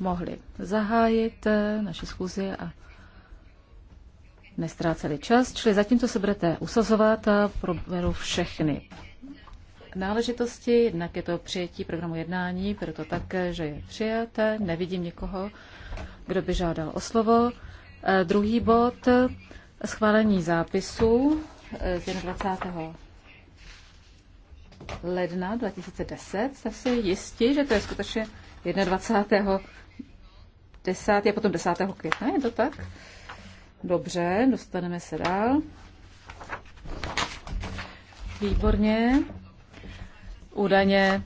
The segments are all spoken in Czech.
mohli zahájit eh, naši schůzi a nestráceli čas. Čili zatímco se budete usazovat, a proberu všechny náležitosti. Jednak je to přijetí programu jednání, proto také, eh, že je přijaté. Nevidím nikoho, kdo by žádal o slovo. Eh, druhý bod, schválení zápisu z 21 ledna 2010. Jste si jistí, že to je skutečně 21. 10. je potom 10. května, je to tak? Dobře, dostaneme se dál. Výborně. Údajně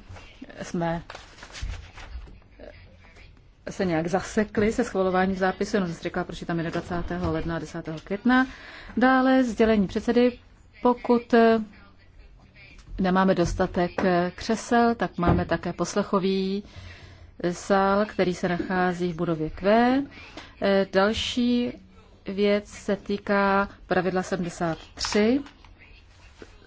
jsme se nějak zasekli se schvalováním zápisu, jenom jsem řekla, proč je tam 21. ledna a 10. května. Dále sdělení předsedy, pokud eh, nemáme dostatek eh, křesel, tak máme také poslechový sál, který se nachází v budově Q. Eh, další věc se týká pravidla 73.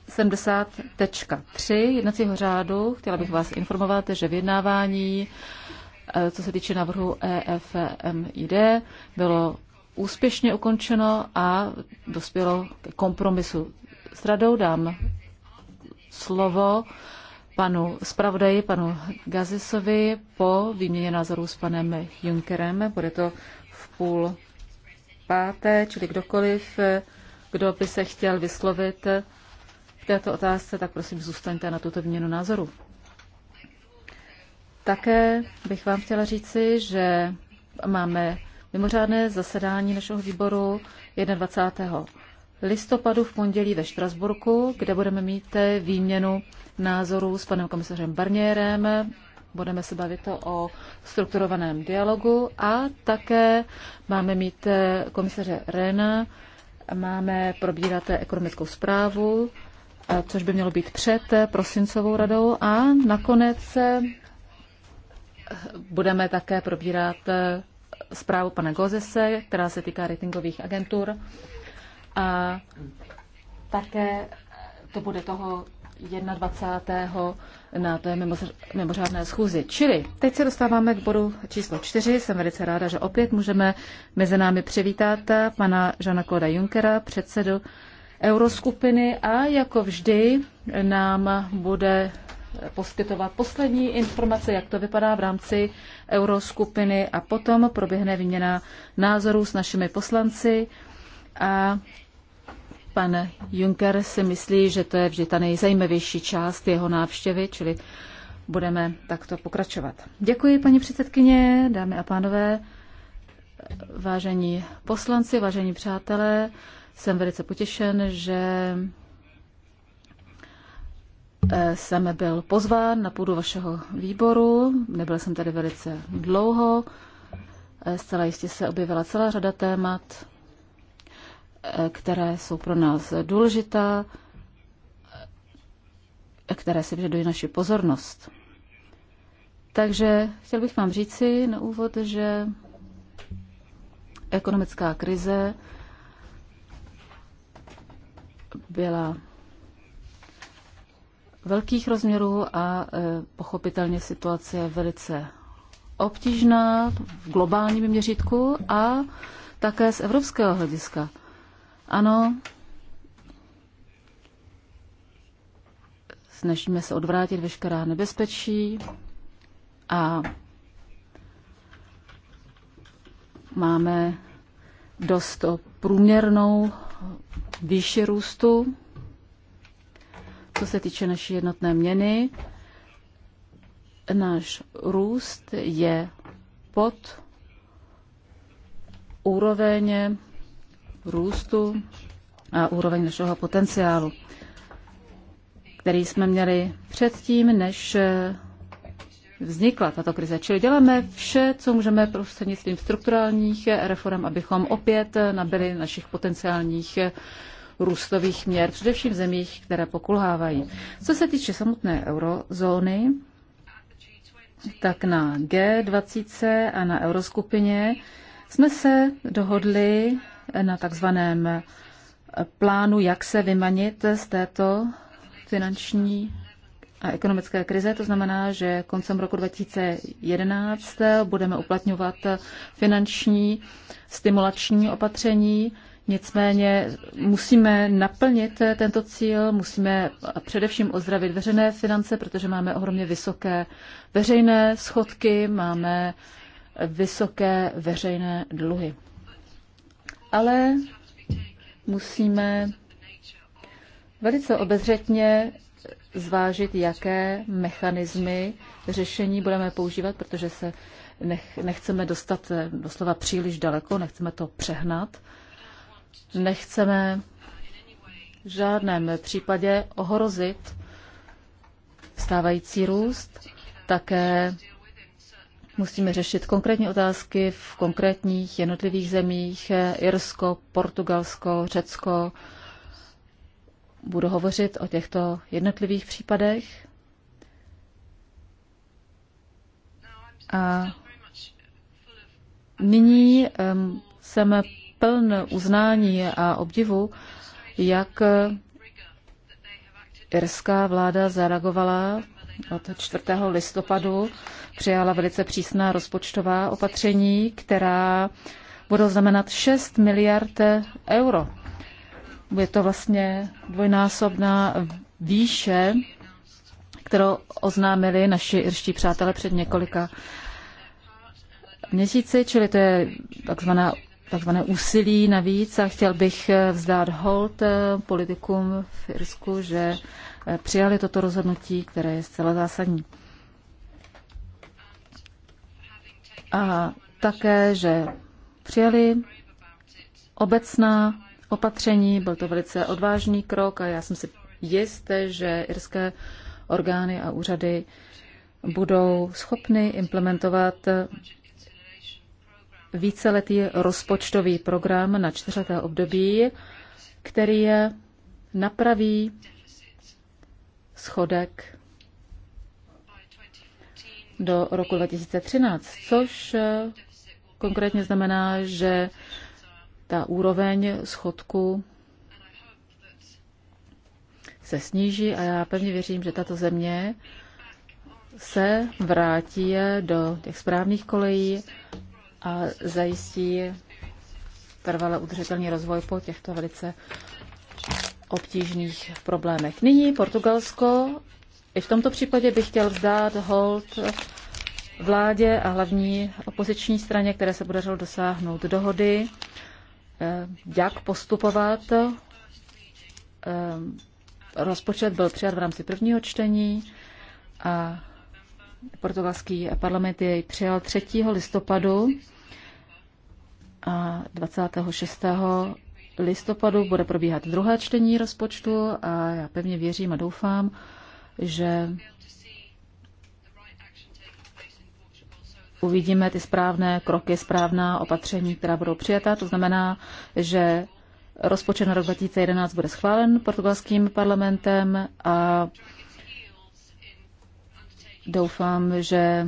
70.3 jednacího řádu. Chtěla bych vás informovat, že vyjednávání, eh, co se týče navrhu EFMID, bylo úspěšně ukončeno a dospělo ke kompromisu s radou. Dám slovo panu zpravodaji, panu Gazisovi po výměně názorů s panem Junkerem. Bude to v půl páté, čili kdokoliv, kdo by se chtěl vyslovit v této otázce, tak prosím zůstaňte na tuto výměnu názoru. Také bych vám chtěla říci, že máme mimořádné zasedání našeho výboru 21 listopadu v pondělí ve Štrasburku, kde budeme mít výměnu názorů s panem komisařem Barnierem. Budeme se bavit o strukturovaném dialogu a také máme mít komisaře Rena, máme probírat ekonomickou zprávu, což by mělo být před prosincovou radou a nakonec budeme také probírat zprávu pana Gozese, která se týká ratingových agentur a také to bude toho 21. na té mimořádné schůzi. Čili teď se dostáváme k bodu číslo 4. Jsem velice ráda, že opět můžeme mezi námi přivítat pana Žana Koda Junkera, předsedu euroskupiny a jako vždy nám bude poskytovat poslední informace, jak to vypadá v rámci euroskupiny a potom proběhne výměna názorů s našimi poslanci a Pan Juncker si myslí, že to je vždy ta nejzajímavější část jeho návštěvy, čili budeme takto pokračovat. Děkuji, paní předsedkyně, dámy a pánové, vážení poslanci, vážení přátelé. Jsem velice potěšen, že eh, jsem byl pozván na půdu vašeho výboru. Nebyl jsem tady velice dlouho. Eh, zcela jistě se objevila celá řada témat, které jsou pro nás důležitá, které si vyžadují naši pozornost. Takže chtěl bych vám říci na úvod, že ekonomická krize byla velkých rozměrů a e, pochopitelně situace je velice obtížná v globálním měřítku a také z evropského hlediska. Ano, snažíme se odvrátit veškerá nebezpečí a máme dost průměrnou výši růstu, co se týče naší jednotné měny. Náš růst je pod úroveň růstu a úroveň našeho potenciálu, který jsme měli předtím, než eh, vznikla tato krize. Čili děláme vše, co můžeme prostřednictvím strukturálních reform, abychom opět eh, nabili našich potenciálních eh, růstových měr, především v zemích, které pokulhávají. Co se týče samotné eurozóny, tak na G20 a na euroskupině jsme se dohodli na takzvaném plánu, jak se vymanit z této finanční a ekonomické krize. To znamená, že koncem roku 2011 budeme uplatňovat finanční stimulační opatření. Nicméně musíme naplnit tento cíl, musíme především ozdravit veřejné finance, protože máme ohromně vysoké veřejné schodky, máme vysoké veřejné dluhy ale musíme velice obezřetně zvážit, jaké mechanismy řešení budeme používat, protože se nech, nechceme dostat eh, doslova příliš daleko, nechceme to přehnat, nechceme v žádném případě ohrozit stávající růst, také Musíme řešit konkrétní otázky v konkrétních jednotlivých zemích. Irsko, Portugalsko, Řecko. Budu hovořit o těchto jednotlivých případech. A nyní jsem pln uznání a obdivu, jak irská vláda zareagovala od 4. listopadu přijala velice přísná rozpočtová opatření, která budou znamenat 6 miliard euro. Je to vlastně dvojnásobná výše, kterou oznámili naši irští přátelé před několika měsíci, čili to je takzvaná takzvané úsilí navíc a chtěl bych vzdát hold eh, politikům v Irsku, že Eh, přijali toto rozhodnutí, které je zcela zásadní. A také, že přijali obecná opatření, byl to velice odvážný krok a já jsem si jist, že irské orgány a úřady budou schopny implementovat víceletý rozpočtový program na čtyřleté období, který je napraví schodek do roku 2013, což eh, konkrétně znamená, že ta úroveň schodku se sníží a já pevně věřím, že tato země se vrátí do těch správných kolejí a zajistí trvale udržitelný rozvoj po těchto velice obtížných problémech. Nyní Portugalsko. I v tomto případě bych chtěl vzdát hold vládě a hlavní opoziční straně, které se podařilo dosáhnout dohody, eh, jak postupovat. Eh, rozpočet byl přijat v rámci prvního čtení a portugalský parlament jej přijal 3. listopadu a 26 listopadu bude probíhat druhé čtení rozpočtu a já pevně věřím a doufám, že uvidíme ty správné kroky, správná opatření, která budou přijata. To znamená, že rozpočet na rok 2011 bude schválen portugalským parlamentem a doufám, že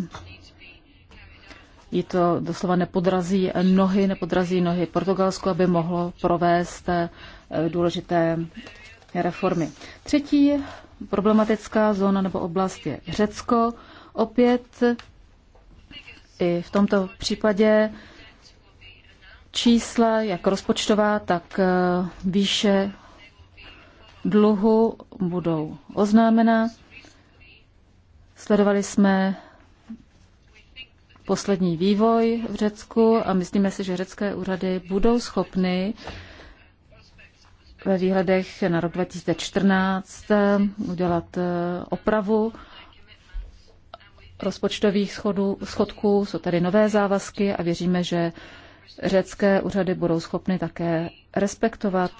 jí to doslova nepodrazí nohy, nepodrazí nohy Portugalsku, aby mohlo provést eh, důležité reformy. Třetí problematická zóna nebo oblast je Řecko. Opět i v tomto případě čísla, jak rozpočtová, tak eh, výše dluhu budou oznámena. Sledovali jsme poslední vývoj v Řecku a myslíme si, že řecké úřady budou schopny ve výhledech na rok 2014 eh, udělat eh, opravu rozpočtových schodů, schodků. Jsou tady nové závazky a věříme, že řecké úřady budou schopny také respektovat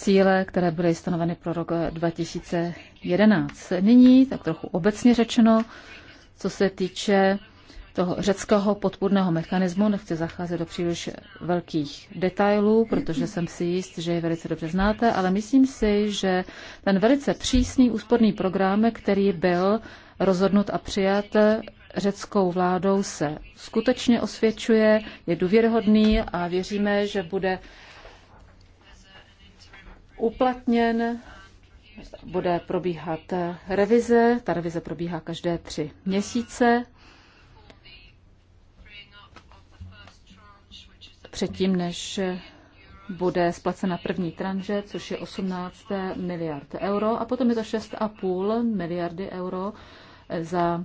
cíle, které byly stanoveny pro rok 2011. Nyní, tak trochu obecně řečeno, co se týče toho řeckého podpůrného mechanismu, nechci zacházet do příliš velkých detailů, protože jsem si jist, že je velice dobře znáte, ale myslím si, že ten velice přísný úsporný program, který byl rozhodnut a přijat řeckou vládou, se skutečně osvědčuje, je důvěryhodný a věříme, že bude uplatněn. Bude probíhat revize. Ta revize probíhá každé tři měsíce. Předtím, než bude splacena první tranže, což je 18 miliard euro, a potom je to 6,5 miliardy euro za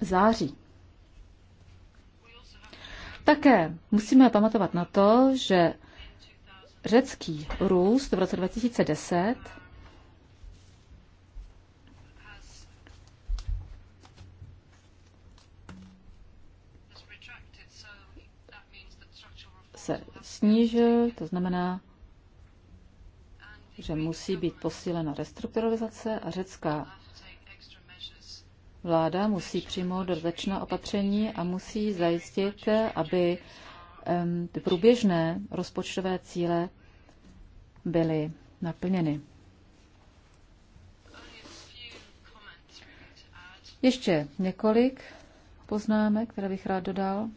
září. Také musíme pamatovat na to, že řecký růst v roce 2010 se snížil, to znamená, že musí být posílena restrukturalizace a řecká vláda musí přijmout dodatečná opatření a musí zajistit, aby ty průběžné rozpočtové cíle byly naplněny. Ještě několik poznámek, které bych rád dodal,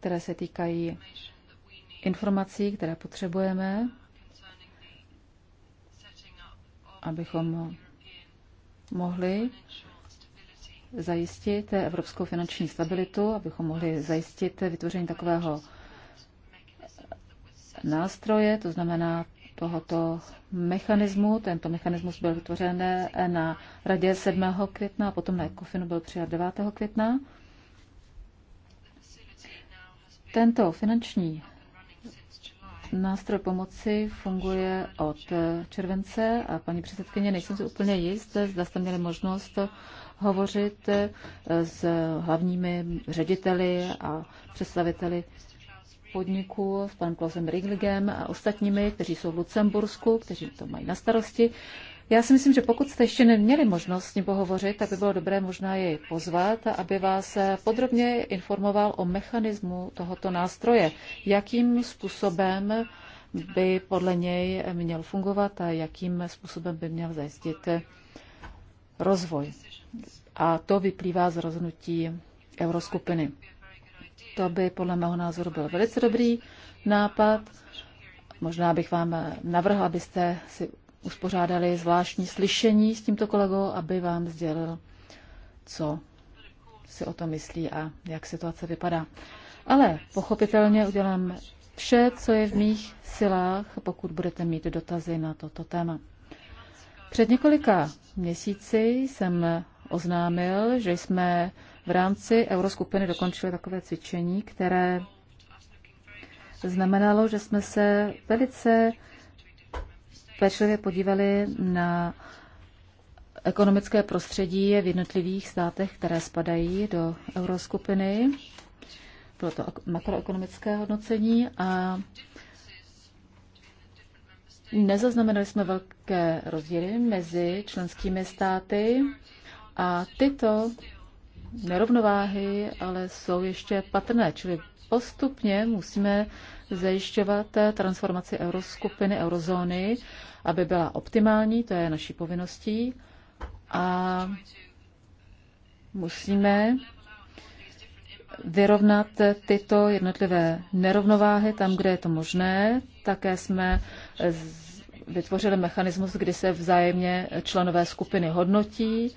které se týkají informací, které potřebujeme, abychom mohli zajistit evropskou finanční stabilitu, abychom mohli zajistit vytvoření takového nástroje, to znamená tohoto mechanismu. Tento mechanismus byl vytvořen na radě 7. května a potom na ECOFINu byl přijat 9. května. Tento finanční Nástroj pomoci funguje od července a paní předsedkyně, nejsem si úplně jist, zda jste měli možnost hovořit s hlavními řediteli a představiteli podniků, s panem Klausem Rigligem a ostatními, kteří jsou v Lucembursku, kteří to mají na starosti. Já si myslím, že pokud jste ještě neměli možnost s ním pohovořit, tak by bylo dobré možná jej pozvat, aby vás podrobně informoval o mechanismu tohoto nástroje, jakým způsobem by podle něj měl fungovat a jakým způsobem by měl zajistit rozvoj. A to vyplývá z rozhodnutí euroskupiny. To by podle mého názoru byl velice dobrý nápad. Možná bych vám navrhl, abyste si uspořádali zvláštní slyšení s tímto kolegou, aby vám sdělil, co si o tom myslí a jak situace vypadá. Ale pochopitelně udělám vše, co je v mých silách, pokud budete mít dotazy na toto téma. Před několika měsíci jsem oznámil, že jsme v rámci euroskupiny dokončili takové cvičení, které znamenalo, že jsme se velice pečlivě podívali na ekonomické prostředí v jednotlivých státech, které spadají do euroskupiny. Bylo to makroekonomické hodnocení a nezaznamenali jsme velké rozdíly mezi členskými státy a tyto nerovnováhy ale jsou ještě patrné, čili postupně musíme zajišťovat transformaci euroskupiny, eurozóny, aby byla optimální, to je naší povinností. A musíme vyrovnat tyto jednotlivé nerovnováhy tam, kde je to možné. Také jsme vytvořili mechanismus, kdy se vzájemně členové skupiny hodnotí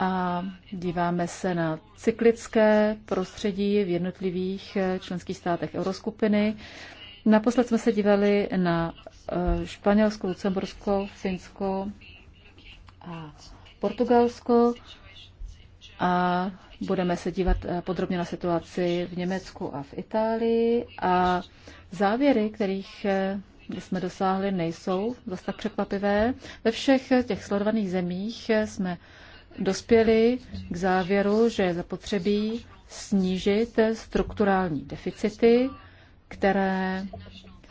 a díváme se na cyklické prostředí v jednotlivých eh, členských státech euroskupiny. Naposled jsme se dívali na eh, Španělsko, Lucembursko, Finsko a Portugalsko a budeme se dívat eh, podrobně na situaci v Německu a v Itálii a závěry, kterých jsme dosáhli, nejsou zase tak překvapivé. Ve všech těch sledovaných zemích jsme dospěli k závěru, že je zapotřebí snížit strukturální deficity, které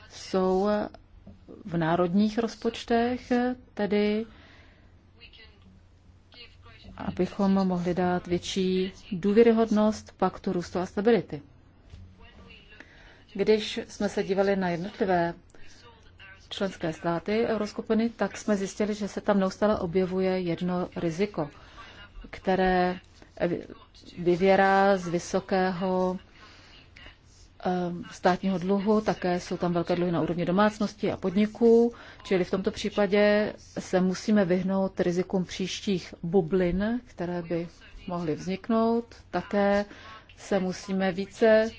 jsou v národních rozpočtech, tedy abychom mohli dát větší důvěryhodnost paktu růstu a stability. Když jsme se dívali na jednotlivé členské státy euroskupiny, tak jsme zjistili, že se tam neustále objevuje jedno riziko které vyvěrá z vysokého eh, státního dluhu, také jsou tam velké dluhy na úrovni domácnosti a podniků, čili v tomto případě se musíme vyhnout rizikům příštích bublin, které by mohly vzniknout. Také se musíme více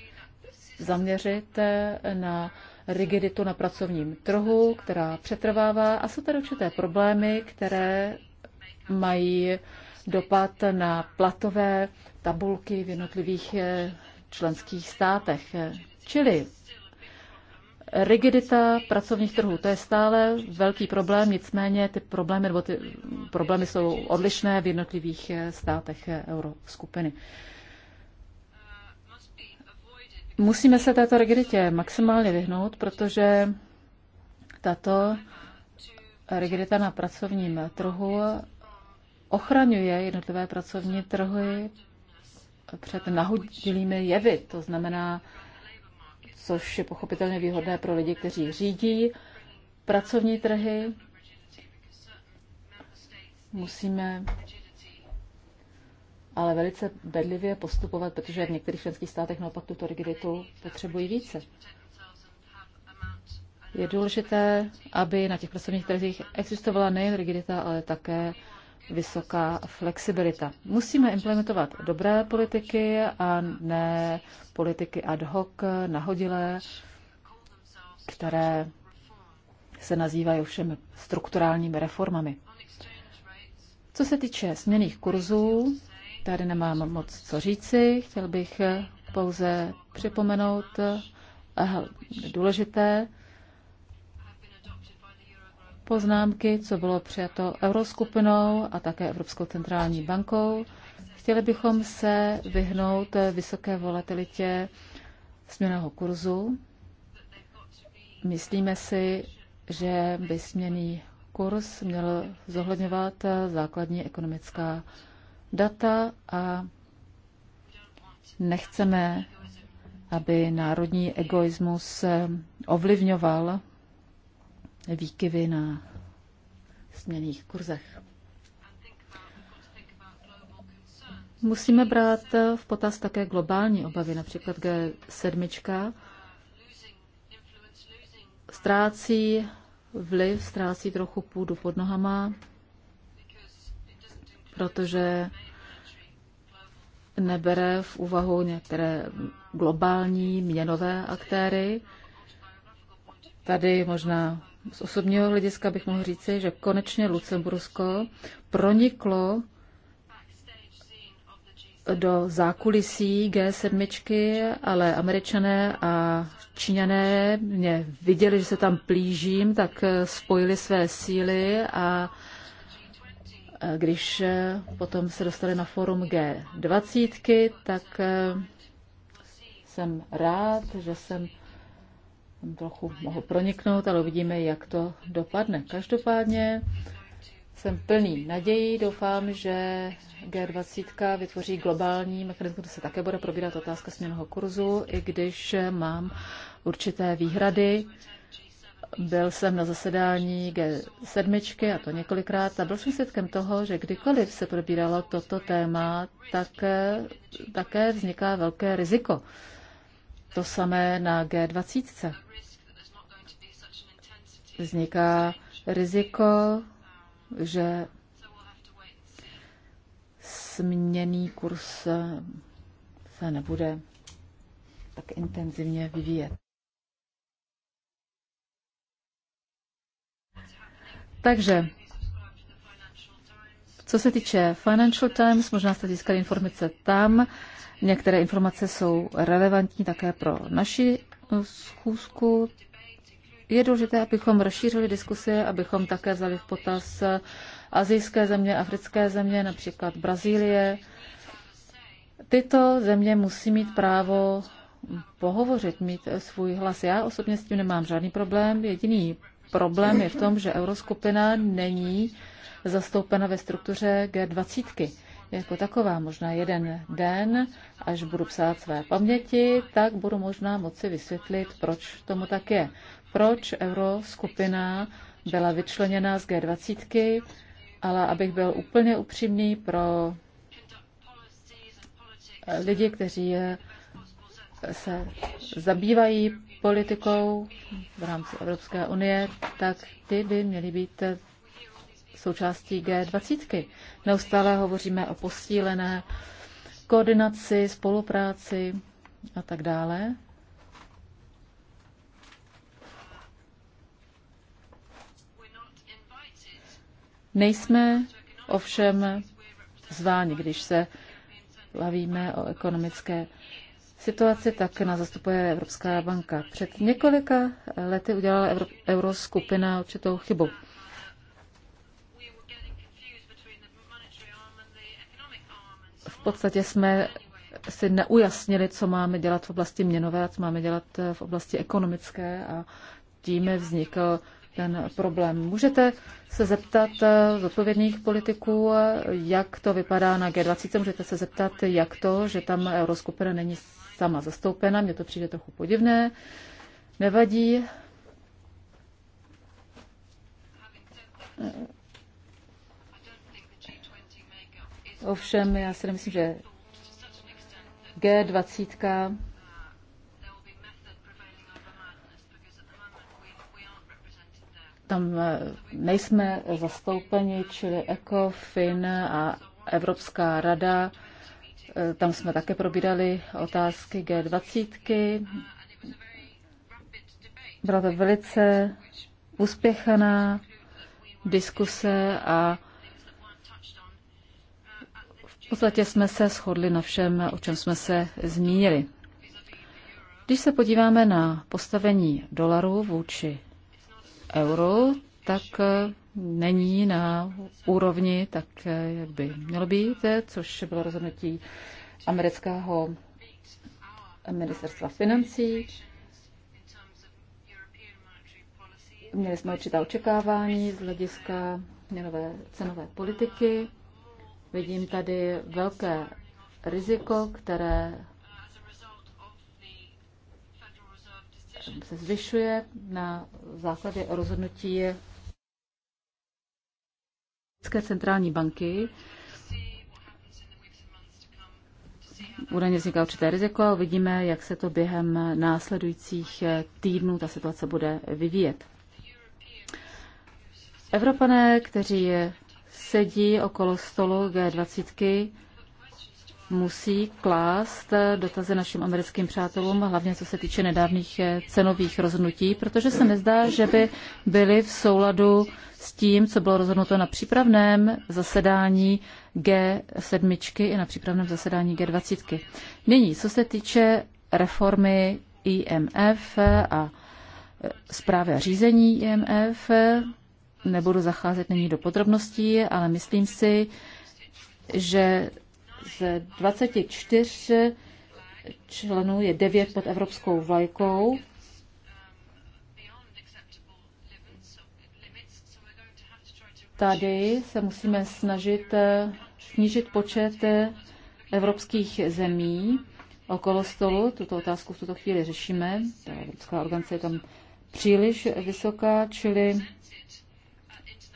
zaměřit eh, na rigiditu na pracovním trhu, která přetrvává a jsou tady určité problémy, které mají dopad na platové tabulky v jednotlivých eh, členských státech. Čili rigidita pracovních trhů, to je stále velký problém, nicméně ty problémy, nebo ty problémy jsou odlišné v jednotlivých eh, státech eh, euroskupiny. Musíme se této rigiditě maximálně vyhnout, protože tato rigidita na pracovním trhu ochraňuje jednotlivé pracovní trhy před nahodilými jevy. To znamená, což je pochopitelně výhodné pro lidi, kteří řídí pracovní trhy. Musíme ale velice bedlivě postupovat, protože v některých členských státech naopak tuto rigiditu potřebují více. Je důležité, aby na těch pracovních trzích existovala nejen rigidita, ale také vysoká flexibilita. Musíme implementovat dobré politiky a ne politiky ad hoc, nahodilé, které se nazývají všemi strukturálními reformami. Co se týče směných kurzů, tady nemám moc co říci, chtěl bych pouze připomenout eh, důležité poznámky, co bylo přijato Euroskupinou a také Evropskou centrální bankou. Chtěli bychom se vyhnout vysoké volatilitě směnného kurzu. Myslíme si, že by směný kurz měl zohledňovat základní ekonomická data a nechceme, aby národní egoismus ovlivňoval výkyvy na směných kurzech. Musíme brát v potaz také globální obavy, například G7 ztrácí vliv, ztrácí trochu půdu pod nohama, protože nebere v úvahu některé globální měnové aktéry. Tady možná z osobního hlediska bych mohl říci, že konečně Lucembursko proniklo do zákulisí G7, ale američané a číňané mě viděli, že se tam plížím, tak spojili své síly a když potom se dostali na forum G20, tak eh, jsem rád, že jsem trochu mohl proniknout, ale uvidíme, jak to dopadne. Každopádně jsem plný naději, doufám, že G20 vytvoří globální mechanismus, kde se také bude probírat otázka směnného kurzu, i když mám určité výhrady. Byl jsem na zasedání G7, a to několikrát, a byl jsem svědkem toho, že kdykoliv se probíralo toto téma, tak také vzniká velké riziko to samé na G20. Vzniká riziko, že směný kurz se nebude tak intenzivně vyvíjet. Takže, co se týče Financial Times, možná jste získali informace tam. Některé informace jsou relevantní také pro naši eh, schůzku. Je důležité, abychom rozšířili diskusi, abychom také vzali v potaz eh, azijské země, africké země, například Brazílie. Tyto země musí mít právo pohovořit, mít eh, svůj hlas. Já osobně s tím nemám žádný problém. Jediný problém je v tom, že euroskupina není zastoupena ve struktuře G20 jako taková. Možná jeden den, až budu psát své paměti, tak budu možná moci vysvětlit, proč tomu tak je. Proč euroskupina byla vyčleněna z G20, ale abych byl úplně upřímný pro lidi, kteří se zabývají politikou v rámci Evropské unie, tak ty by měly být součástí G20. Neustále hovoříme o posílené koordinaci, spolupráci a tak dále. Nejsme ovšem zváni, když se bavíme o ekonomické situaci, tak nás zastupuje Evropská banka. Před několika lety udělala euroskupina určitou chybu. v podstatě jsme si neujasnili, co máme dělat v oblasti měnové a co máme dělat eh, v oblasti ekonomické a tím vznikl ten problém. Můžete se zeptat eh, zodpovědných politiků, eh, jak to vypadá na G20, můžete se zeptat, jak to, že tam euroskupina není sama zastoupena, mně to přijde trochu podivné, nevadí. Ovšem, já si myslím, že G20 tam eh, nejsme zastoupeni, čili ECOFIN a Evropská rada. Eh, tam jsme také probírali otázky G20. Byla to velice uspěchaná diskuse a v podstatě jsme se shodli na všem, o čem jsme se zmínili. Když se podíváme na postavení dolaru vůči euru, tak není na úrovni, tak jak by mělo být, což bylo rozhodnutí amerického ministerstva financí. Měli jsme určitá očekávání z hlediska měnové cenové politiky. Vidím tady velké riziko, které se zvyšuje na základě rozhodnutí České centrální banky. Údajně vzniká určité riziko a uvidíme, jak se to během následujících týdnů ta situace bude vyvíjet. Evropané, kteří sedí okolo stolu G20, musí klást dotazy našim americkým přátelům, hlavně co se týče nedávných eh, cenových rozhodnutí, protože se nezdá, že by byly v souladu s tím, co bylo rozhodnuto na přípravném zasedání G7 i na přípravném zasedání G20. Nyní, co se týče reformy IMF a eh, zprávy a řízení IMF, nebudu zacházet nyní do podrobností, ale myslím si, že z 24 členů je 9 pod evropskou vlajkou. Tady se musíme snažit eh, snížit počet eh, evropských zemí okolo stolu. Tuto otázku v tuto chvíli řešíme. Ta evropská organizace je tam příliš vysoká, čili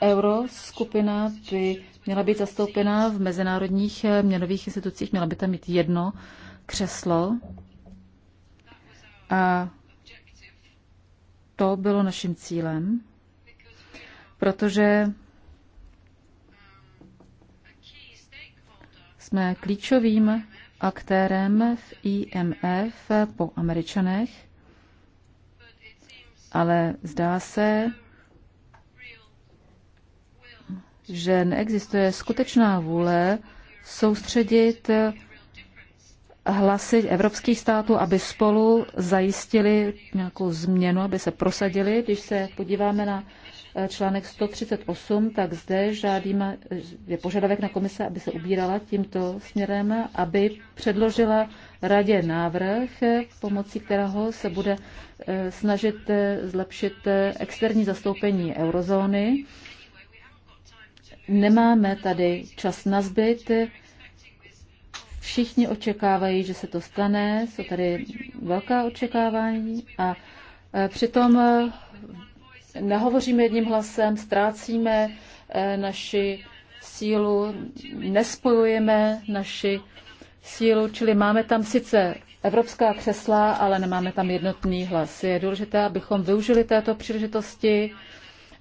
Euro skupina by měla být zastoupena v mezinárodních eh, měnových institucích, měla by tam mít jedno křeslo. A to bylo naším cílem, protože jsme klíčovým aktérem v IMF po Američanech, ale zdá se, že neexistuje skutečná vůle soustředit hlasy evropských států, aby spolu zajistili nějakou změnu, aby se prosadili. Když se podíváme na eh, článek 138, tak zde žádíme, eh, je požadavek na komise, aby se ubírala tímto směrem, aby předložila radě návrh, eh, pomocí kterého se bude snažit zlepšit externí zastoupení eurozóny Nemáme tady čas na zbyt. Všichni očekávají, že se to stane, jsou tady velká očekávání a e, přitom e, nehovoříme jedním hlasem, ztrácíme e, naši sílu, nespojujeme naši sílu, čili máme tam sice evropská křesla, ale nemáme tam jednotný hlas. Je důležité, abychom využili této příležitosti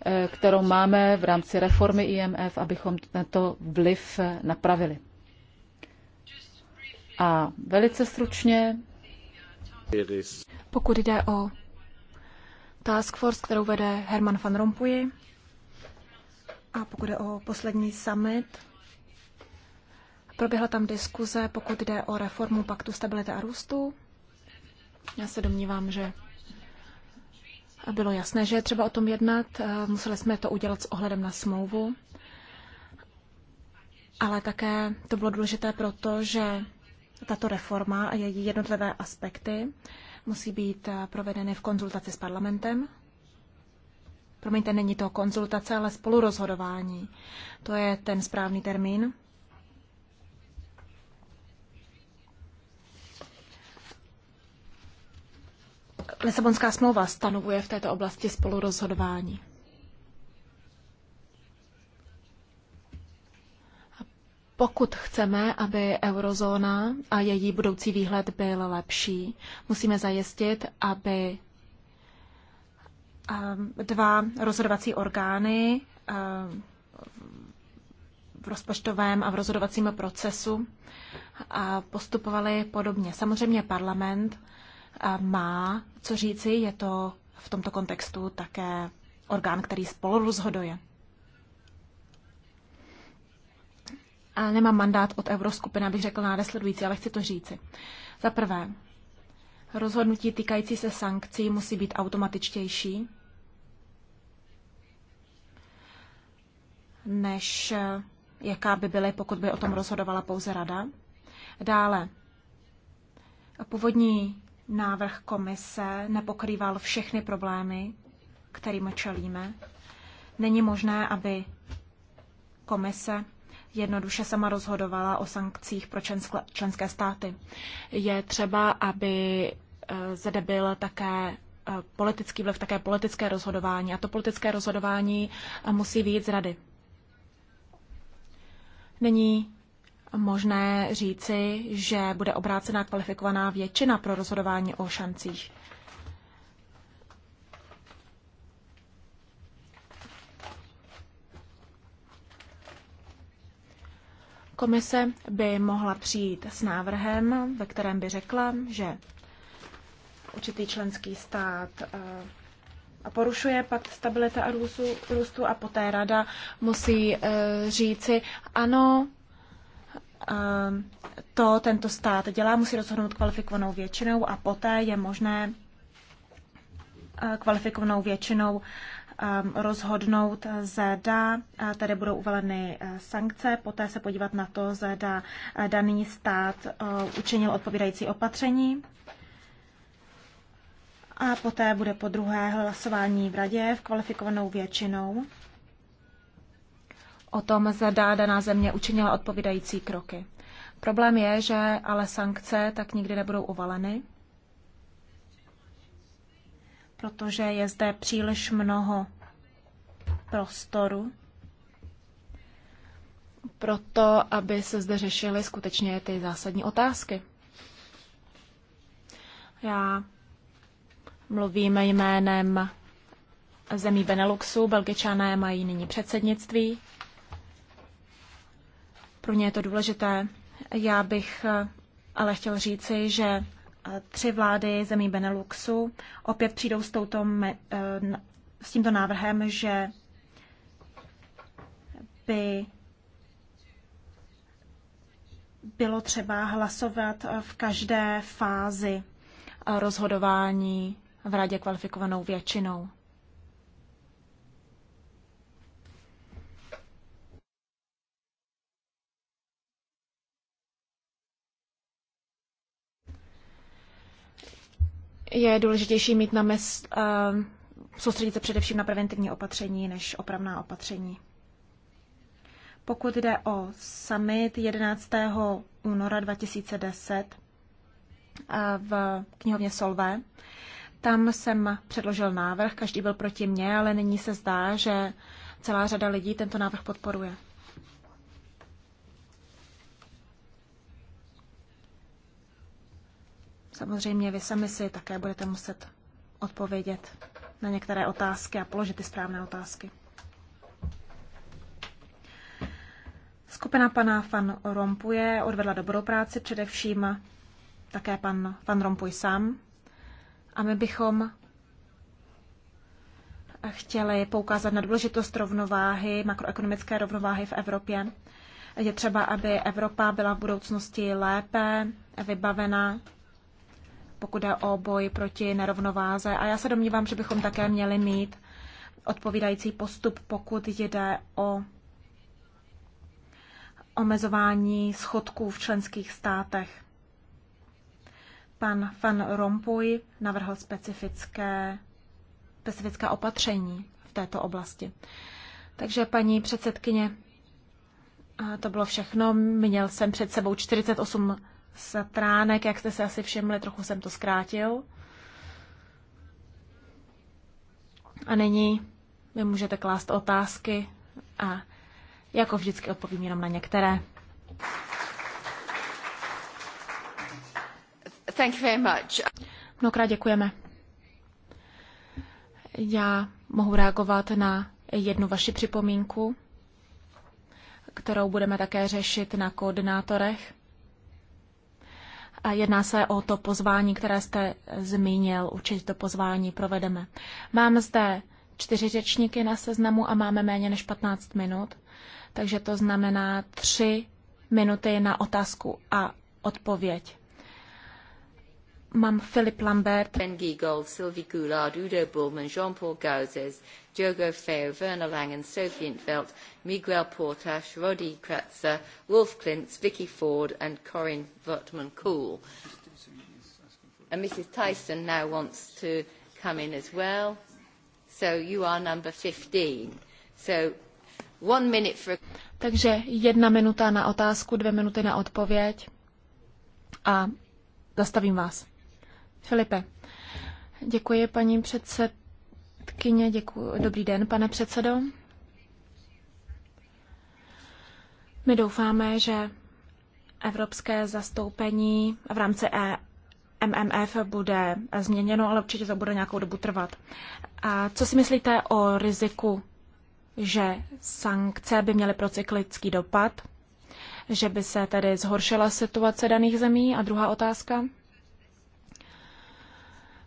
Eh, kterou máme v rámci reformy IMF, abychom tento vliv napravili. A velice stručně, pokud jde o task force, kterou vede Herman van Rompuy, a pokud jde o poslední summit, proběhla tam diskuze, pokud jde o reformu Paktu stability a růstu. Já se domnívám, že bylo jasné, že je třeba o tom jednat. Eh, museli jsme to udělat s ohledem na smlouvu. Ale také to bylo důležité proto, že tato reforma a její jednotlivé aspekty musí být eh, provedeny v konzultaci s parlamentem. Promiňte, není to konzultace, ale spolurozhodování. To je ten správný termín. Lisabonská smlouva stanovuje v této oblasti spolurozhodování. Pokud chceme, aby eurozóna a její budoucí výhled byl lepší, musíme zajistit, aby ehm, dva rozhodovací orgány ehm, v rozpočtovém a v rozhodovacím procesu postupovaly podobně. Samozřejmě parlament má co říci, je to v tomto kontextu také orgán, který spolu rozhoduje. A nemám mandát od Euroskupiny, abych řekl následující, ale chci to říci. Za prvé, rozhodnutí týkající se sankcí musí být automatičtější než jaká by byly, pokud by o tom rozhodovala pouze rada. Dále, původní návrh komise nepokrýval všechny problémy, kterým čelíme. Není možné, aby komise jednoduše sama rozhodovala o sankcích pro členské státy. Je třeba, aby eh, zde byl také eh, politický vliv, také politické rozhodování. A to politické rozhodování eh, musí výjít z rady. Nyní možné říci, že bude obrácená kvalifikovaná většina pro rozhodování o šancích. Komise by mohla přijít s návrhem, ve kterém by řekla, že určitý členský stát eh, a porušuje pakt stability a růstu, růstu a poté rada musí eh, říci, ano, Ehm, to tento stát dělá, musí rozhodnout kvalifikovanou většinou a poté je možné eh, kvalifikovanou většinou ehm, rozhodnout, zda eh, tady budou uvaleny eh, sankce, poté se podívat na to, zda daný stát učinil odpovídající opatření. A poté bude po druhé hlasování v radě v kvalifikovanou většinou o tom, zda daná země učinila odpovídající kroky. Problém je, že ale sankce tak nikdy nebudou uvaleny, protože je zde příliš mnoho prostoru pro to, aby se zde řešily skutečně ty zásadní otázky. Já mluvím jménem zemí Beneluxu, Belgičané mají nyní předsednictví pro ně je to důležité. Já bych eh, ale chtěl říci, že eh, tři vlády zemí Beneluxu opět přijdou s, touto, eh, s tímto návrhem, že by bylo třeba hlasovat v každé fázi rozhodování v radě kvalifikovanou většinou. je důležitější mít na mysl, uh, eh, soustředit se především na preventivní opatření než opravná opatření. Pokud jde o summit 11. února 2010 eh, v knihovně Solvé, tam jsem předložil návrh, každý byl proti mně, ale nyní se zdá, že celá řada lidí tento návrh podporuje. Samozřejmě vy sami si také budete muset odpovědět na některé otázky a položit ty správné otázky. Skupina pana Van Rompuje odvedla dobrou práci, především také pan Van Rompuj sám. A my bychom chtěli poukázat na důležitost rovnováhy, makroekonomické rovnováhy v Evropě. Je třeba, aby Evropa byla v budoucnosti lépe vybavená pokud jde o boj proti nerovnováze. A já se domnívám, že bychom také měli mít odpovídající postup, pokud jde o omezování schodků v členských státech. Pan Van Rompuy navrhl specifické, specifické opatření v této oblasti. Takže paní předsedkyně, to bylo všechno. Měl jsem před sebou 48 satránek, jak jste se asi všimli, trochu jsem to zkrátil. A nyní vy můžete klást otázky a jako vždycky odpovím jenom na některé. Thank you very much. Mnohokrát děkujeme. Já mohu reagovat na jednu vaši připomínku, kterou budeme také řešit na koordinátorech. A Jedná se o to pozvání, které jste zmínil, určitě to pozvání provedeme. Mám zde čtyři řečníky na seznamu a máme méně než 15 minut, takže to znamená tři minuty na otázku a odpověď. Mám Filip Lambert, Ben Giegel, Sylvie Goulard, Udo Bullman, Jean-Paul Gauzes, Diogo Feo, Werner Langen, Sophie Intveld, Miguel Portas, Roddy Kratzer, Wolf Klintz, Vicky Ford and Corinne Votman-Cool. And Mrs Tyson now wants to come in as well. So you are number 15. So one minute for... Takže jedna minuta na otázku, dvě minuty na odpověď a zastavím vás. Filipe, děkuji paní předsed Kyně, děkuji. Dobrý den, pane předsedo. My doufáme, že evropské zastoupení v rámci e MMF bude změněno, ale určitě to bude nějakou dobu trvat. A co si myslíte o riziku, že sankce by měly procyklický dopad, že by se tedy zhoršila situace daných zemí? A druhá otázka.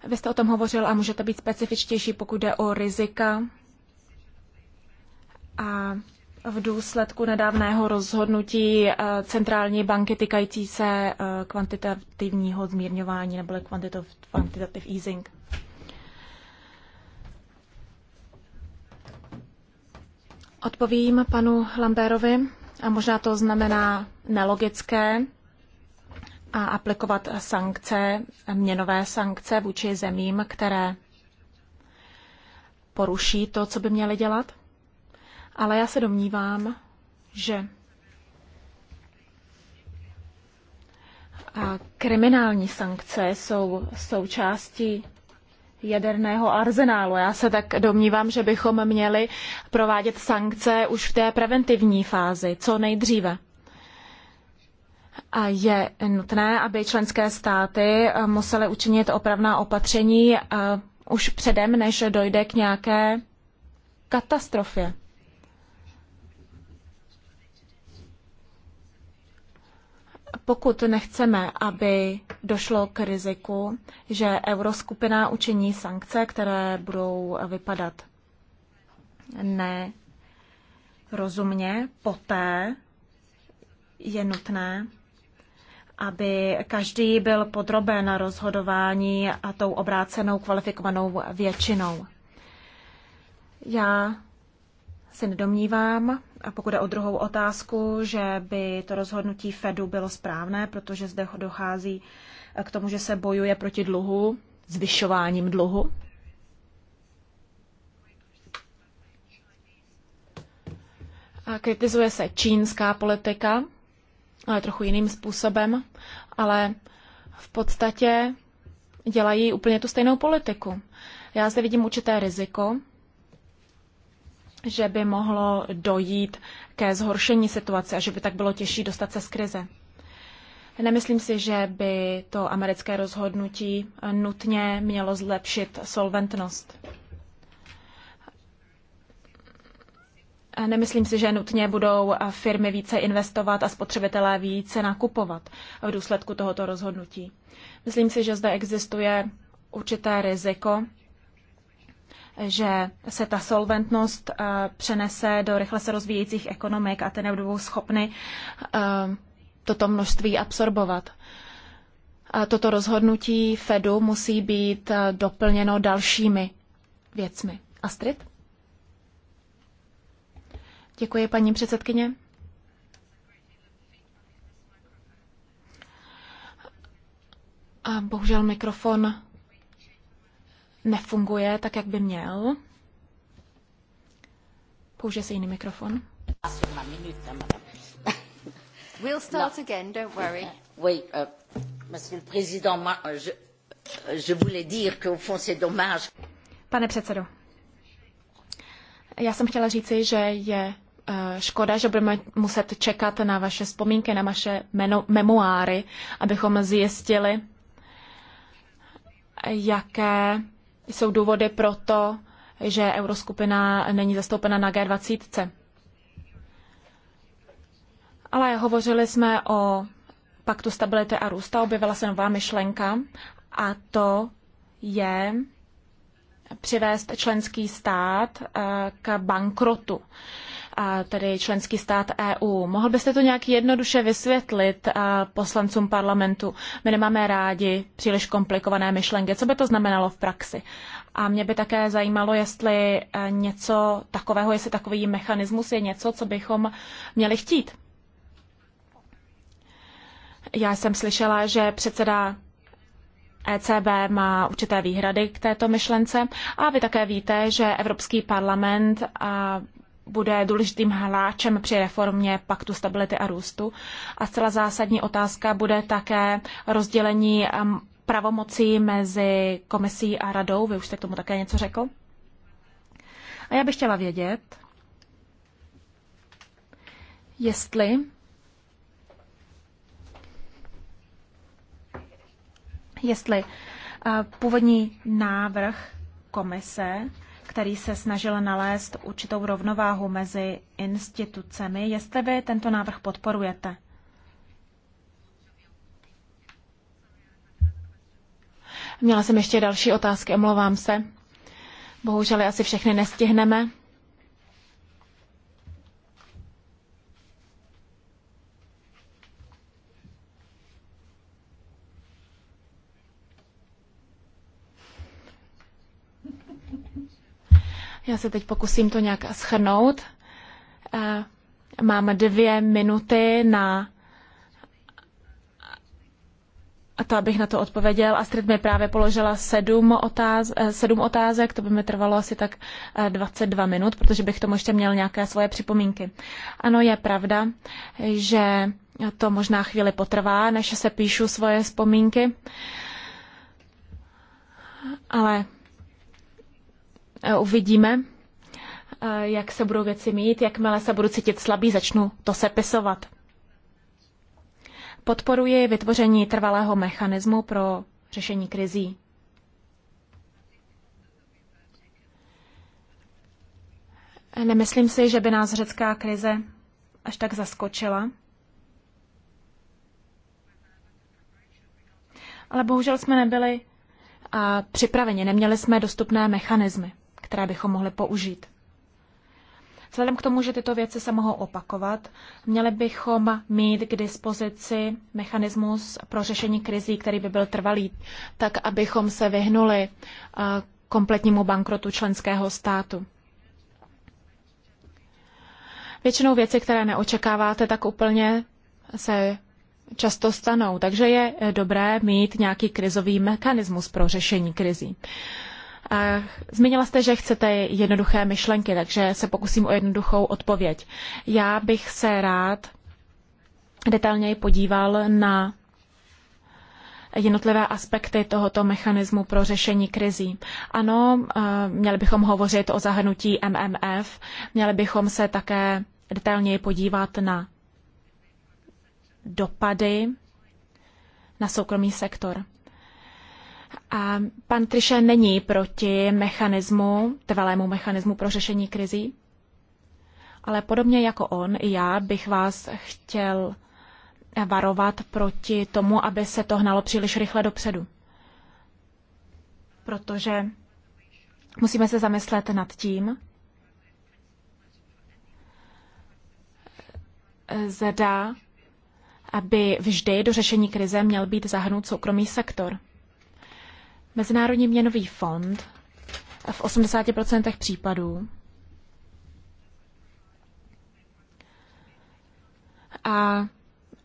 Vy jste o tom hovořil a můžete být specifičtější, pokud jde o rizika a v důsledku nedávného rozhodnutí eh, centrální banky týkající se eh, kvantitativního zmírňování nebo quantitative easing. Odpovím panu Lambérovi a možná to znamená nelogické, a aplikovat sankce, měnové sankce vůči zemím, které poruší to, co by měly dělat. Ale já se domnívám, že kriminální sankce jsou součástí jaderného arzenálu. Já se tak domnívám, že bychom měli provádět sankce už v té preventivní fázi, co nejdříve je nutné, aby členské státy eh, musely učinit opravná opatření eh, už předem, než dojde k nějaké katastrofě. Pokud nechceme, aby došlo k riziku, že euroskupina učiní sankce, které budou vypadat nerozumně. poté je nutné, aby každý byl podroben rozhodování a tou obrácenou kvalifikovanou většinou. Já se nedomnívám, a pokud je o druhou otázku, že by to rozhodnutí Fedu bylo správné, protože zde dochází k tomu, že se bojuje proti dluhu, zvyšováním dluhu. A kritizuje se čínská politika, trochu jiným způsobem, ale v podstatě dělají úplně tu stejnou politiku. Já zde vidím určité riziko, že by mohlo dojít ke zhoršení situace a že by tak bylo těžší dostat se z krize. Nemyslím si, že by to americké rozhodnutí nutně mělo zlepšit solventnost. Nemyslím si, že nutně budou firmy více investovat a spotřebitelé více nakupovat v důsledku tohoto rozhodnutí. Myslím si, že zde existuje určité riziko, že se ta solventnost přenese do rychle se rozvíjejících ekonomik a ty nebudou schopny toto množství absorbovat. Toto rozhodnutí Fedu musí být doplněno dalšími věcmi. Astrid? Děkuji, paní předsedkyně. A bohužel mikrofon nefunguje tak, jak by měl. Použije se jiný mikrofon. We'll start again, don't worry. Oui, euh, monsieur le président, moi, euh, je, euh, je voulais dire qu'au fond c'est dommage. Pane předsedo, já jsem chtěla říci, že je Eh, škoda, že budeme muset čekat na vaše vzpomínky, na vaše memoáry, abychom zjistili, jaké jsou důvody pro to, že euroskupina není zastoupena na G20. Ale hovořili jsme o paktu stability a růsta, objevila se nová myšlenka a to je přivést členský stát eh, k bankrotu tedy členský stát EU. Mohl byste to nějak jednoduše vysvětlit eh, poslancům parlamentu? My nemáme rádi příliš komplikované myšlenky. Co by to znamenalo v praxi? A mě by také zajímalo, jestli eh, něco takového, jestli takový mechanismus je něco, co bychom měli chtít. Já jsem slyšela, že předseda ECB má určité výhrady k této myšlence a vy také víte, že Evropský parlament bude důležitým hláčem při reformě paktu stability a růstu. A zcela zásadní otázka bude také rozdělení um, pravomocí mezi komisí a radou. Vy už jste k tomu také něco řekl. A já bych chtěla vědět, jestli jestli uh, původní návrh komise který se snažil nalézt určitou rovnováhu mezi institucemi, jestli vy tento návrh podporujete. Měla jsem ještě další otázky, omlouvám se. Bohužel asi všechny nestihneme. Já se teď pokusím to nějak schrnout. Mám dvě minuty na a to, abych na to odpověděl. Astrid mi právě položila sedm, otáz- eh, sedm otázek, to by mi trvalo asi tak 22 eh, minut, protože bych tomu ještě měl nějaké svoje připomínky. Ano, je pravda, že to možná chvíli potrvá, než se píšu svoje vzpomínky, ale Eh, uvidíme, eh, jak se budou věci mít. Jakmile se budu cítit slabý, začnu to sepisovat. Podporuji vytvoření trvalého mechanismu pro řešení krizí. Nemyslím si, že by nás řecká krize až tak zaskočila. Ale bohužel jsme nebyli a eh, připraveni, neměli jsme dostupné mechanismy které bychom mohli použít. Vzhledem k tomu, že tyto věci se mohou opakovat, měli bychom mít k dispozici mechanismus pro řešení krizí, který by byl trvalý, tak abychom se vyhnuli eh, kompletnímu bankrotu členského státu. Většinou věci, které neočekáváte, tak úplně se často stanou, takže je dobré mít nějaký krizový mechanismus pro řešení krizí. Zmínila jste, že chcete jednoduché myšlenky, takže se pokusím o jednoduchou odpověď. Já bych se rád detailněji podíval na jednotlivé aspekty tohoto mechanismu pro řešení krizí. Ano, eh, měli bychom hovořit o zahrnutí MMF, měli bychom se také detailněji podívat na dopady na soukromý sektor. A pan Triše není proti mechanismu, trvalému mechanismu pro řešení krizí, ale podobně jako on, i já bych vás chtěl varovat proti tomu, aby se to hnalo příliš rychle dopředu. Protože musíme se zamyslet nad tím, zda aby vždy do řešení krize měl být zahrnut soukromý sektor. Mezinárodní měnový fond v 80% případů a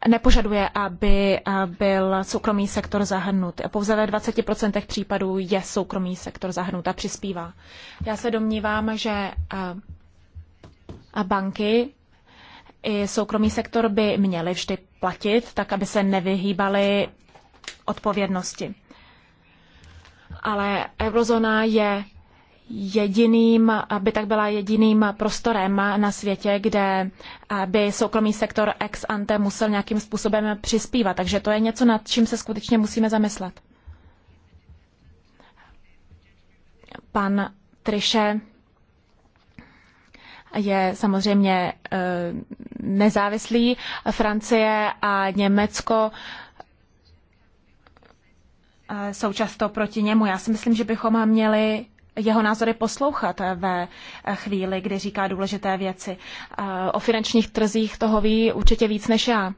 nepožaduje, aby byl soukromý sektor zahrnut. Pouze ve 20% případů je soukromý sektor zahrnut a přispívá. Já se domnívám, že banky i soukromý sektor by měly vždy platit, tak aby se nevyhýbali odpovědnosti ale eurozóna je jediným, aby tak byla jediným prostorem na světě, kde by soukromý sektor ex ante musel nějakým způsobem přispívat. Takže to je něco, nad čím se skutečně musíme zamyslet. Pan Triše je samozřejmě eh, nezávislý. Francie a Německo jsou často proti němu. Já si myslím, že bychom měli jeho názory poslouchat ve chvíli, kdy říká důležité věci. O finančních trzích toho ví určitě víc než já.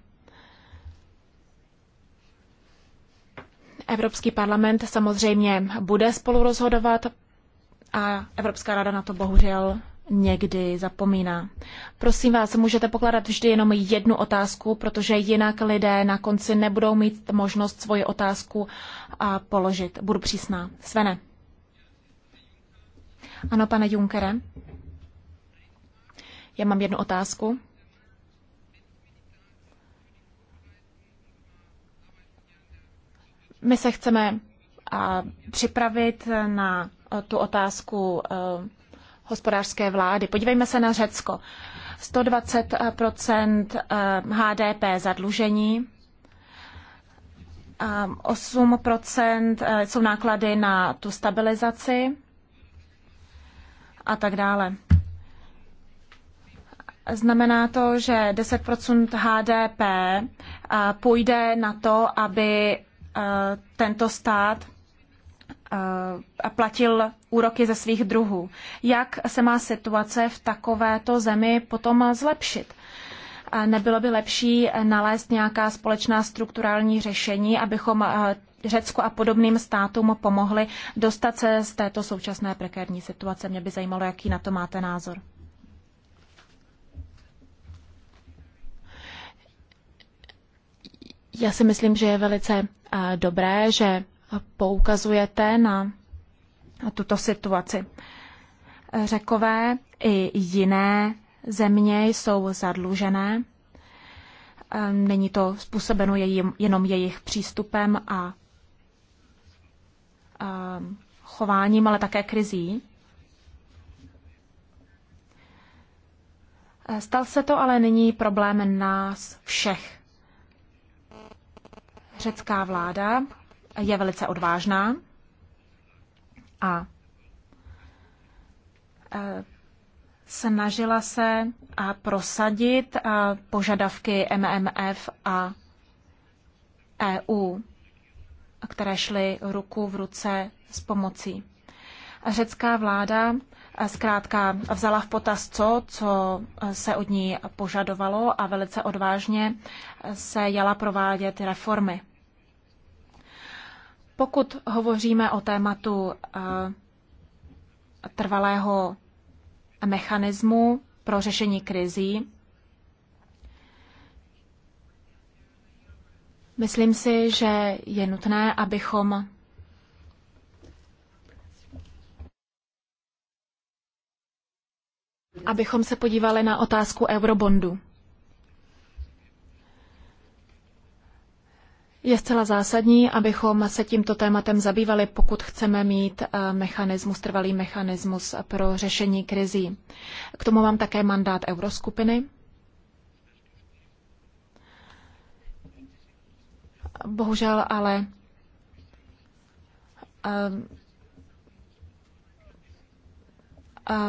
Evropský parlament samozřejmě bude spolurozhodovat a Evropská rada na to bohužel někdy zapomíná. Prosím vás, můžete pokládat vždy jenom jednu otázku, protože jinak lidé na konci nebudou mít možnost svoji otázku a položit. Budu přísná. Svene. Ano, pane Junkere. Já mám jednu otázku. My se chceme připravit na tu otázku hospodářské vlády. Podívejme se na Řecko. 120 eh, eh, HDP zadlužení, 8 eh, jsou náklady na tu stabilizaci a tak dále. Znamená to, že 10 HDP půjde na to, aby tento stát Eh, a platil úroky ze svých druhů. Jak se má situace v takovéto zemi potom zlepšit? Nebylo by lepší nalézt nějaká společná strukturální řešení, abychom eh, Řecku a podobným státům pomohli dostat se z této současné prekérní situace? Mě by zajímalo, jaký na to máte názor. Já si myslím, že je velice eh, dobré, že poukazujete na tuto situaci. Řekové i jiné země jsou zadlužené. Není to způsobeno jenom jejich přístupem a chováním, ale také krizí. Stal se to ale nyní problém nás všech. Řecká vláda je velice odvážná a e, snažila se a prosadit e, a požadavky e MMF a EU, které šly ruku v ruce s pomocí. Řecká vláda zkrátka vzala v potaz co, co se od ní požadovalo a velice odvážně se jela provádět reformy. Pokud hovoříme o tématu eh, trvalého mechanismu pro řešení krizí, myslím si, že je nutné, abychom abychom se podívali na otázku eurobondu. Je zcela zásadní, abychom se tímto tématem zabývali, pokud chceme mít eh, mechanismus, trvalý mechanismus pro řešení krizí. K tomu mám také mandát euroskupiny. Bohužel ale um,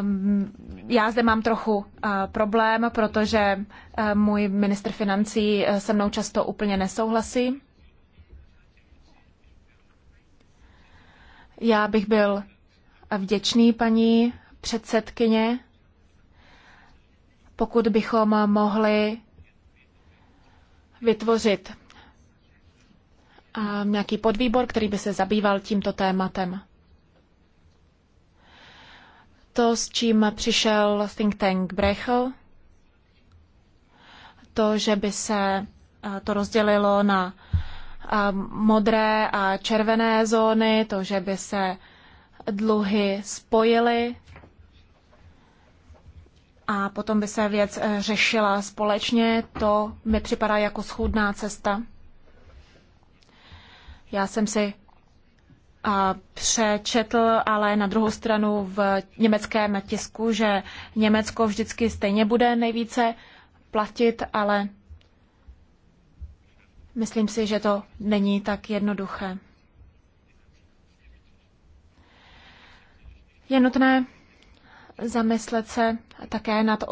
um, já zde mám trochu uh, problém, protože uh, můj ministr financí uh, se mnou často úplně nesouhlasí. Já bych byl vděčný, paní předsedkyně, pokud bychom mohli vytvořit nějaký podvýbor, který by se zabýval tímto tématem. To, s čím přišel think tank Brechel, to, že by se to rozdělilo na modré a červené zóny, to, že by se dluhy spojily a potom by se věc eh, řešila společně, to mi připadá jako schůdná cesta. Já jsem si a přečetl, ale na druhou stranu v německém tisku, že Německo vždycky stejně bude nejvíce platit, ale Myslím si, že to není tak jednoduché. Je nutné zamyslet se také nad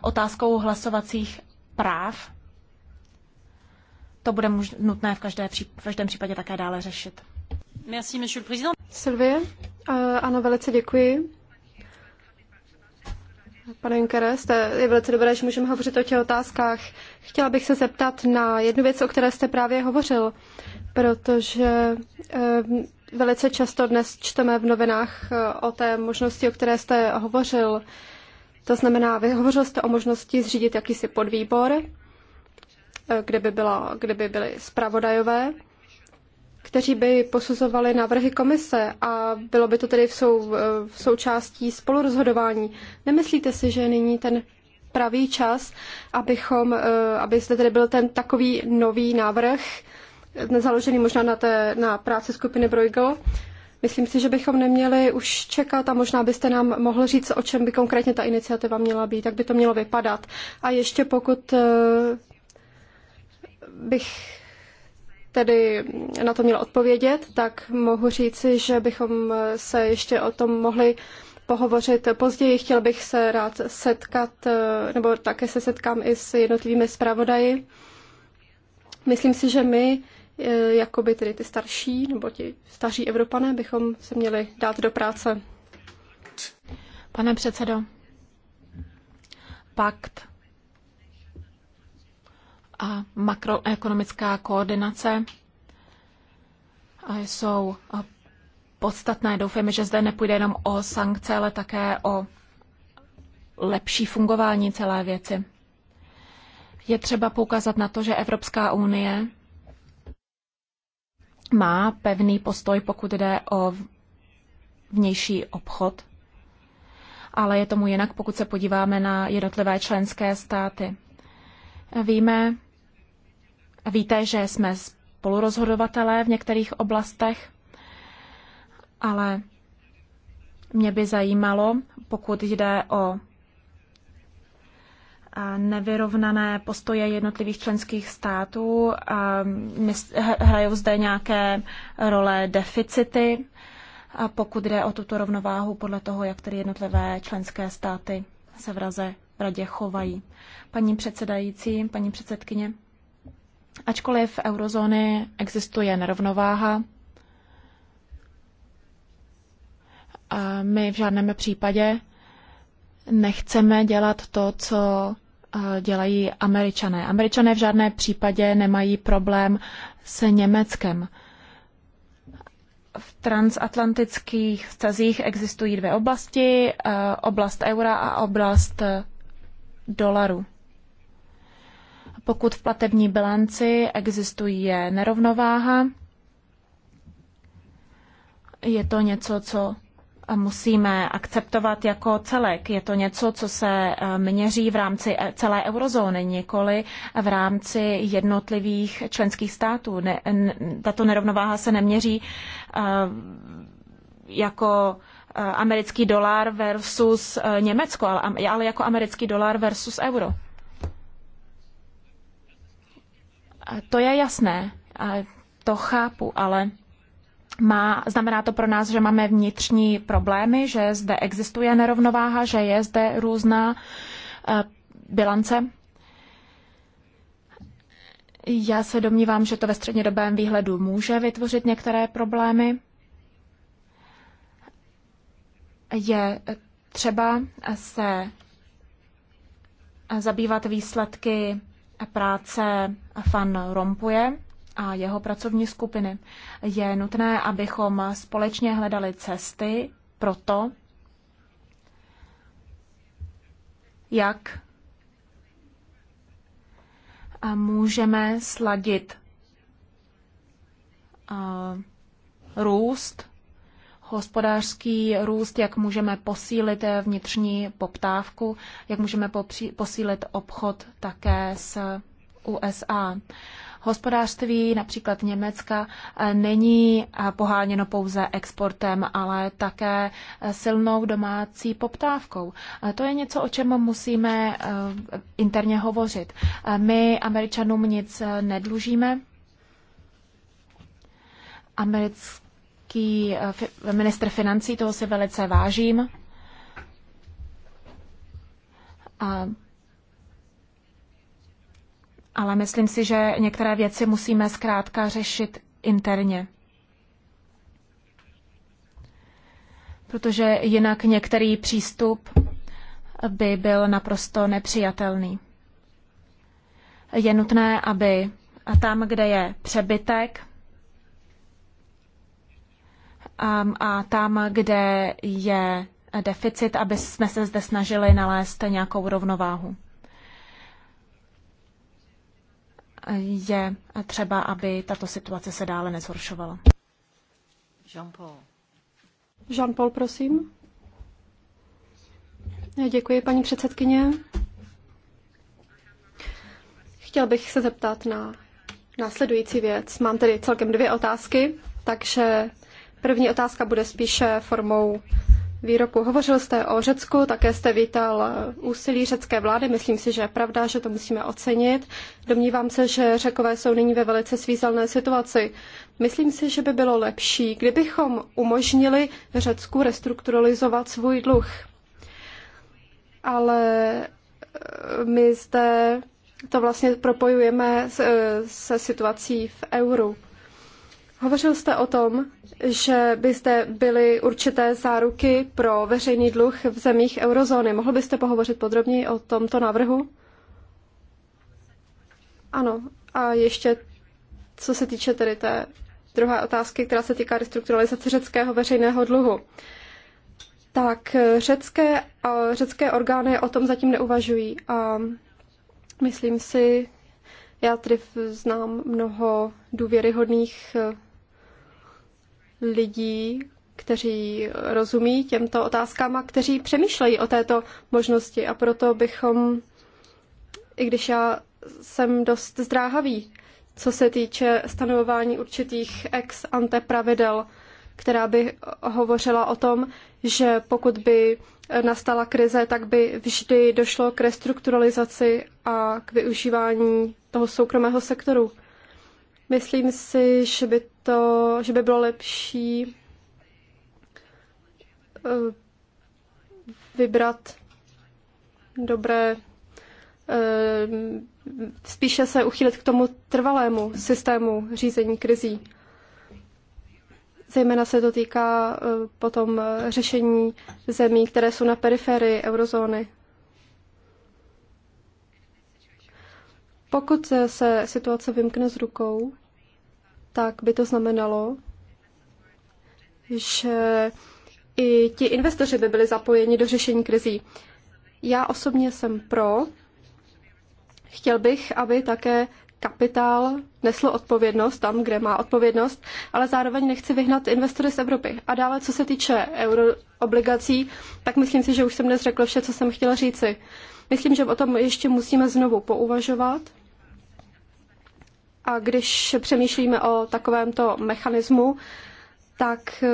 otázkou hlasovacích práv. To bude nutné v, každé, v každém případě také dále řešit. Merci, monsieur le président. Sylvie, ano, velice děkuji. Pane Junkere, jste, je velice dobré, že můžeme hovořit o těch otázkách. Chtěla bych se zeptat na jednu věc, o které jste právě hovořil, protože eh, velice často dnes čteme v novinách eh, o té možnosti, o které jste hovořil. To znamená, vy hovořil jste o možnosti zřídit jakýsi podvýbor, eh, kde by, byla, kde by byly zpravodajové kteří by posuzovali návrhy komise a bylo by to tedy v, sou, v součástí spolurozhodování. Nemyslíte si, že nyní ten pravý čas, abychom, eh, aby zde tedy byl ten takový nový návrh, eh, založený možná na, té, na práci skupiny Bruegel. Myslím si, že bychom neměli už čekat a možná byste nám mohl říct, o čem by konkrétně ta iniciativa měla být, jak by to mělo vypadat. A ještě pokud eh, bych tedy na to měl odpovědět, tak mohu říci, že bychom se ještě o tom mohli pohovořit později. Chtěl bych se rád setkat, nebo také se setkám i s jednotlivými zpravodaji. Myslím si, že my, jako by tedy ty starší, nebo ti staří Evropané, bychom se měli dát do práce. Pane předsedo, pakt a makroekonomická koordinace jsou podstatné. Doufejme, že zde nepůjde jenom o sankce, ale také o lepší fungování celé věci. Je třeba poukázat na to, že Evropská unie má pevný postoj, pokud jde o vnější obchod, ale je tomu jinak, pokud se podíváme na jednotlivé členské státy. Víme, Víte, že jsme spolurozhodovatelé v některých oblastech, ale mě by zajímalo, pokud jde o nevyrovnané postoje jednotlivých členských států. Hrajou zde nějaké role deficity, a pokud jde o tuto rovnováhu podle toho, jak tedy jednotlivé členské státy se v raze v radě chovají. Paní předsedající, paní předsedkyně. Ačkoliv v eurozóny existuje nerovnováha, a my v žádném případě nechceme dělat to, co dělají američané. Američané v žádném případě nemají problém se Německem. V transatlantických vztazích existují dvě oblasti, oblast eura a oblast dolaru. Pokud v platební bilanci existuje nerovnováha, je to něco, co musíme akceptovat jako celek. Je to něco, co se eh, měří v rámci e, celé eurozóny, nikoli v rámci jednotlivých členských států. Ne, ne, tato nerovnováha se neměří uh, jako eh, americký dolar versus Německo, ale, ale jako americký dolar versus euro. To je jasné, to chápu, ale má, znamená to pro nás, že máme vnitřní problémy, že zde existuje nerovnováha, že je zde různá eh, bilance. Já se domnívám, že to ve střednědobém výhledu může vytvořit některé problémy. Je třeba se zabývat výsledky práce fan Rompuje a jeho pracovní skupiny. Je nutné, abychom společně hledali cesty pro to, jak můžeme sladit růst hospodářský růst, jak můžeme posílit vnitřní poptávku, jak můžeme posílit obchod také s USA. Hospodářství například Německa eh, není eh, poháněno pouze exportem, ale také eh, silnou domácí poptávkou. To je něco, o čem musíme interně hovořit. My Američanům nic nedlužíme. Americká irský eh, ministr financí, toho si velice vážím. A, ale myslím si, že některé věci musíme zkrátka řešit interně. Protože jinak některý přístup by byl naprosto nepřijatelný. Je nutné, aby a tam, kde je přebytek, a tam, kde je deficit, aby jsme se zde snažili nalézt nějakou rovnováhu. Je třeba, aby tato situace se dále nezhoršovala. Jean-Paul. Jean-Paul, prosím. Děkuji, paní předsedkyně. Chtěl bych se zeptat na následující věc. Mám tedy celkem dvě otázky, takže První otázka bude spíše formou výroku. Hovořil jste o Řecku, také jste vítal úsilí řecké vlády. Myslím si, že je pravda, že to musíme ocenit. Domnívám se, že Řekové jsou nyní ve velice svízelné situaci. Myslím si, že by bylo lepší, kdybychom umožnili Řecku restrukturalizovat svůj dluh. Ale eh, my zde to vlastně propojujeme eh, se situací v euru. Hovořil jste o tom, že byste byly určité záruky pro veřejný dluh v zemích eurozóny. Mohl byste pohovořit podrobněji o tomto návrhu? Ano. A ještě, co se týče tedy té druhé otázky, která se týká restrukturalizace řeckého veřejného dluhu. Tak řecké, řecké orgány o tom zatím neuvažují a myslím si, já tedy znám mnoho důvěryhodných lidí, kteří rozumí těmto otázkám a kteří přemýšlejí o této možnosti. A proto bychom, i když já jsem dost zdráhavý, co se týče stanovování určitých ex ante pravidel, která by hovořila o tom, že pokud by nastala krize, tak by vždy došlo k restrukturalizaci a k využívání toho soukromého sektoru. Myslím si, že by, to, že by bylo lepší eh, vybrat dobré, eh, spíše se uchýlit k tomu trvalému systému řízení krizí. Zejména se to týká eh, potom řešení zemí, které jsou na periferii eurozóny. Pokud se situace vymkne z rukou, tak by to znamenalo, že i ti investoři by byli zapojeni do řešení krizí. Já osobně jsem pro. Chtěl bych, aby také kapitál nesl odpovědnost tam, kde má odpovědnost, ale zároveň nechci vyhnat investory z Evropy. A dále, co se týče euroobligací, tak myslím si, že už jsem dnes řekl vše, co jsem chtěla říci. Myslím, že o tom ještě musíme znovu pouvažovat a když přemýšlíme o takovémto mechanismu, tak eh,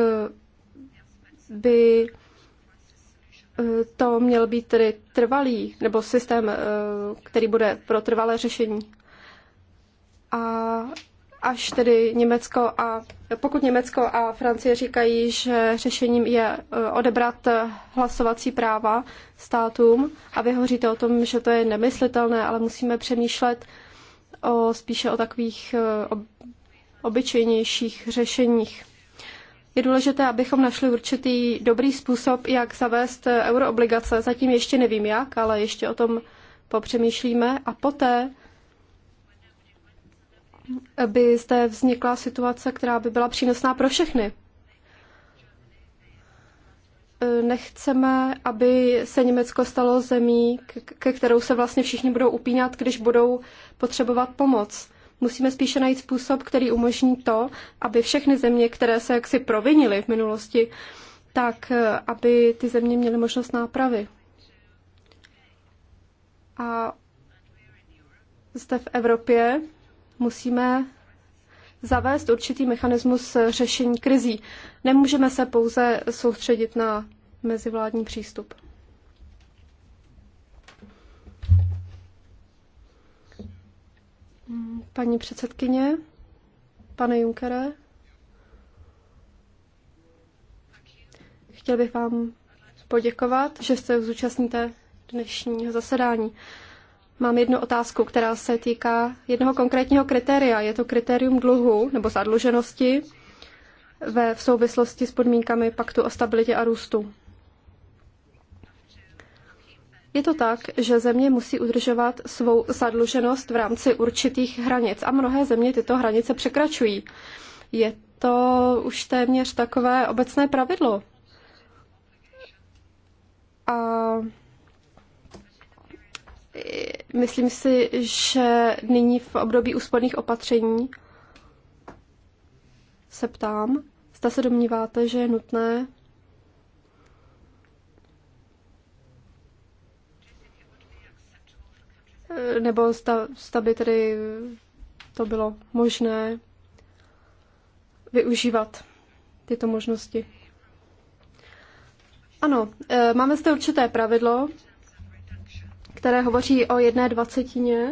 by eh, to měl být tedy trvalý, nebo systém, eh, který bude pro trvalé řešení. A až tedy Německo a pokud Německo a Francie říkají, že řešením je odebrat hlasovací práva státům a vyhoříte o tom, že to je nemyslitelné, ale musíme přemýšlet, o, spíše o takových e, obyčejnějších řešeních. Je důležité, abychom našli určitý dobrý způsob, jak zavést euroobligace. Zatím ještě nevím jak, ale ještě o tom popřemýšlíme. A poté by zde vznikla situace, která by byla přínosná pro všechny. E, nechceme, aby se Německo stalo zemí, ke kterou se vlastně všichni budou upínat, když budou potřebovat pomoc. Musíme spíše najít způsob, který umožní to, aby všechny země, které se jaksi provinily v minulosti, tak e, aby ty země měly možnost nápravy. A zde v Evropě musíme zavést určitý mechanismus řešení krizí. Nemůžeme se pouze soustředit na mezivládní přístup. Paní předsedkyně, pane Junkere, chtěl bych vám poděkovat, že se zúčastníte dnešního zasedání. Mám jednu otázku, která se týká jednoho konkrétního kritéria. Je to kritérium dluhu nebo zadluženosti ve v souvislosti s podmínkami Paktu o stabilitě a růstu. Je to tak, že země musí udržovat svou zadluženost v rámci určitých hranic a mnohé země tyto hranice překračují. Je to už téměř takové obecné pravidlo. A myslím si, že nyní v období úsporných opatření se ptám, zda se domníváte, že je nutné Eh, nebo zda, zda by tedy to bylo možné využívat tyto možnosti. Ano, eh, máme zde určité pravidlo, které hovoří o jedné dvacetině,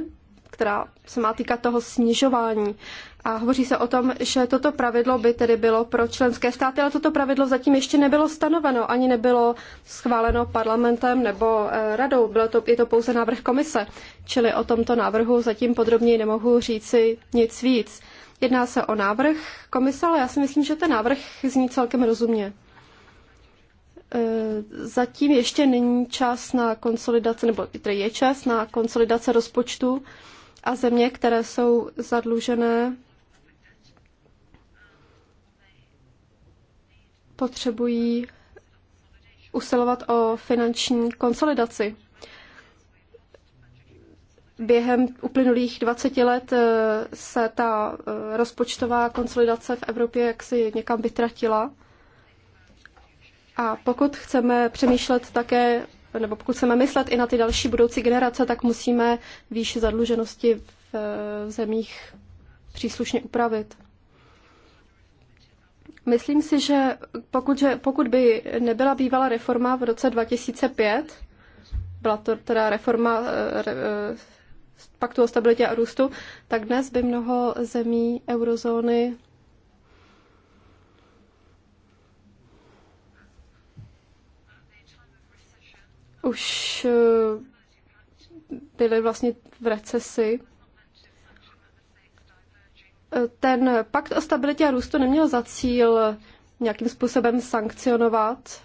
která se má týkat toho snižování. A hovoří se o tom, že toto pravidlo by tedy bylo pro členské státy, ale toto pravidlo zatím ještě nebylo stanoveno, ani nebylo schváleno parlamentem nebo eh, radou. Bylo to, je to pouze návrh komise, čili o tomto návrhu zatím podrobněji nemohu říci nic víc. Jedná se o návrh komise, ale já si myslím, že ten návrh zní celkem rozumně. Eh, zatím ještě není čas na konsolidaci, nebo tedy je čas na konsolidace rozpočtu a země, které jsou zadlužené potřebují usilovat o finanční konsolidaci. Během uplynulých 20 let eh, se ta eh, rozpočtová konsolidace v Evropě jaksi někam vytratila. A pokud chceme přemýšlet také, nebo pokud chceme myslet i na ty další budoucí generace, tak musíme výši zadluženosti v eh, zemích příslušně upravit. Myslím si, že pokud, že pokud by nebyla bývala reforma v roce 2005, byla to teda reforma eh, re, eh, paktu o stabilitě a růstu, tak dnes by mnoho zemí eurozóny už eh, byly vlastně v recesi ten pakt o stabilitě a růstu neměl za cíl nějakým způsobem sankcionovat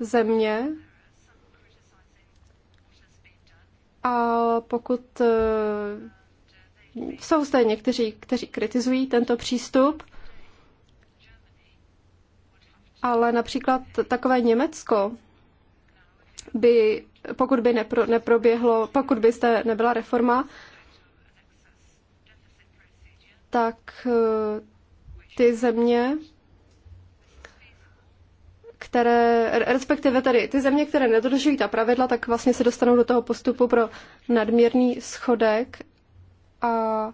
země. A pokud eh, jsou zde někteří, kteří kritizují tento přístup, ale například takové Německo by, pokud by nepro, neproběhlo, pokud by zde nebyla reforma, tak eh, ty země, které, respektive tady ty země, které nedodržují ta pravidla, tak vlastně se dostanou do toho postupu pro nadměrný schodek a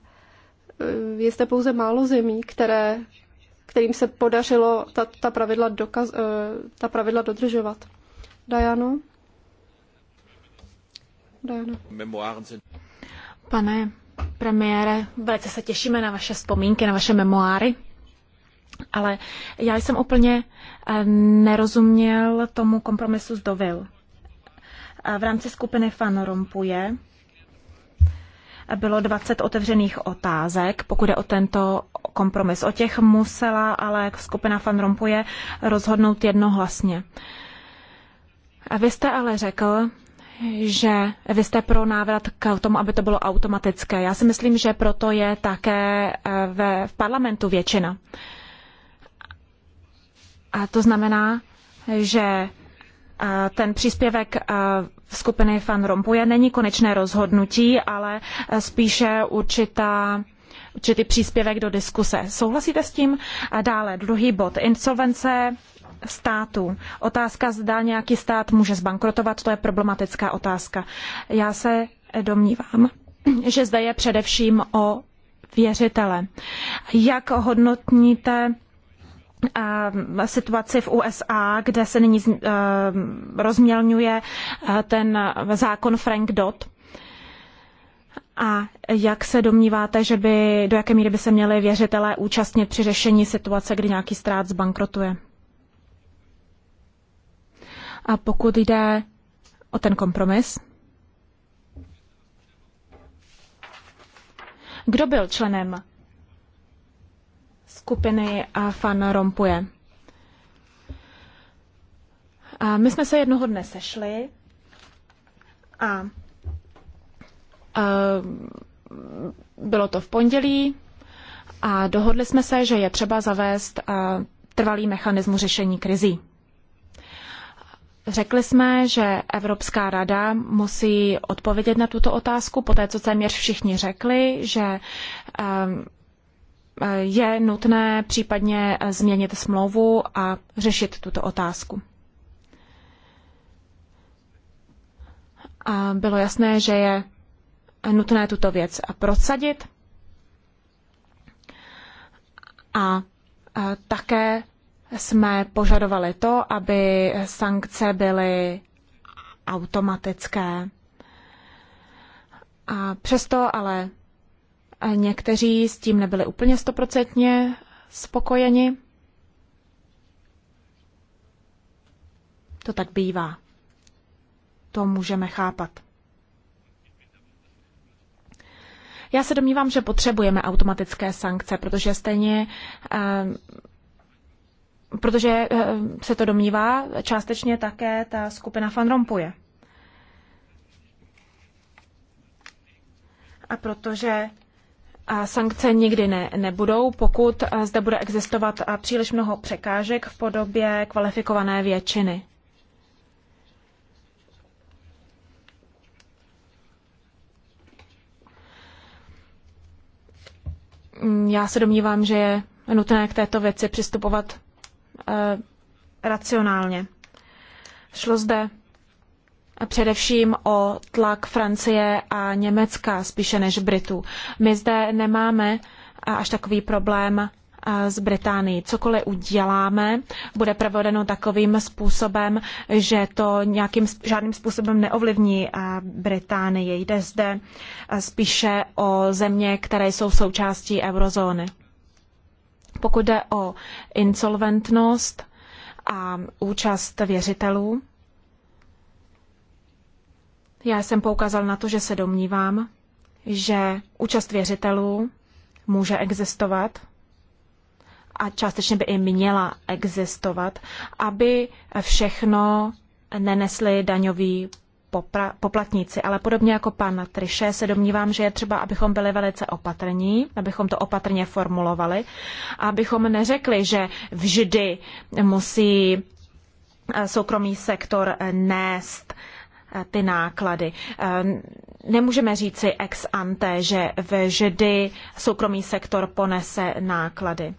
eh, je zde pouze málo zemí, které, kterým se podařilo ta, ta, pravidla, dokaz, eh, ta pravidla dodržovat. Dajano? Dajano. Pane premiére, velice se těšíme na vaše vzpomínky, na vaše memoáry. Ale já jsem úplně eh, nerozuměl tomu kompromisu s Dovil. Eh, v rámci skupiny Fan Rompuje eh, bylo 20 otevřených otázek, pokud je o tento kompromis. O těch musela ale skupina Fan Rompuje rozhodnout jednohlasně. A vy jste ale řekl, že vy jste pro návrat k tomu, aby to bylo automatické. Já si myslím, že proto je také eh, ve, v parlamentu většina. A to znamená, že eh, ten příspěvek eh, skupiny Fan Rompuje není konečné rozhodnutí, ale spíše určitá určitý příspěvek do diskuse. Souhlasíte s tím? A dále druhý bod. Insolvence států. Otázka, zda nějaký stát může zbankrotovat, to je problematická otázka. Já se domnívám, že zde je především o věřitele. Jak hodnotníte eh, situaci v USA, kde se nyní eh, rozmělňuje eh, ten zákon Frank Dodd? A jak se domníváte, že by, do jaké míry by se měli věřitelé účastnit při řešení situace, kdy nějaký stát zbankrotuje? A pokud jde o ten kompromis, kdo byl členem skupiny Fan Rompuje? A my jsme se jednoho dne sešli a, a bylo to v pondělí a dohodli jsme se, že je třeba zavést a, trvalý mechanismus řešení krizí. Řekli jsme, že Evropská rada musí odpovědět na tuto otázku, poté co téměř všichni řekli, že ehm, eh, je nutné případně změnit smlouvu a řešit tuto otázku. A bylo jasné, že je nutné tuto věc prosadit a eh, také jsme požadovali to, aby sankce byly automatické. A přesto ale někteří s tím nebyli úplně stoprocentně spokojeni. To tak bývá. To můžeme chápat. Já se domnívám, že potřebujeme automatické sankce, protože stejně eh, protože eh, se to domnívá částečně také ta skupina Van Rompuje. A protože eh, sankce nikdy ne, nebudou, pokud eh, zde bude existovat příliš mnoho překážek v podobě kvalifikované většiny. Já se domnívám, že je nutné k této věci přistupovat Eh, racionálně. Šlo zde především o tlak Francie a Německa spíše než Britů. My zde nemáme eh, až takový problém z eh, Británii. Cokoliv uděláme, bude provedeno takovým způsobem, že to nějakým, žádným způsobem neovlivní Británii. Jde zde spíše o země, které jsou součástí eurozóny. Pokud jde o insolventnost a účast věřitelů, já jsem poukázal na to, že se domnívám, že účast věřitelů může existovat a částečně by i měla existovat, aby všechno nenesli daňoví poplatníci, ale podobně jako pan Triše se domnívám, že je třeba, abychom byli velice opatrní, abychom to opatrně formulovali, abychom neřekli, že vždy musí eh, soukromý sektor eh, nést eh, ty náklady. Nemůžeme říci ex ante, že vždy soukromý sektor ponese náklady.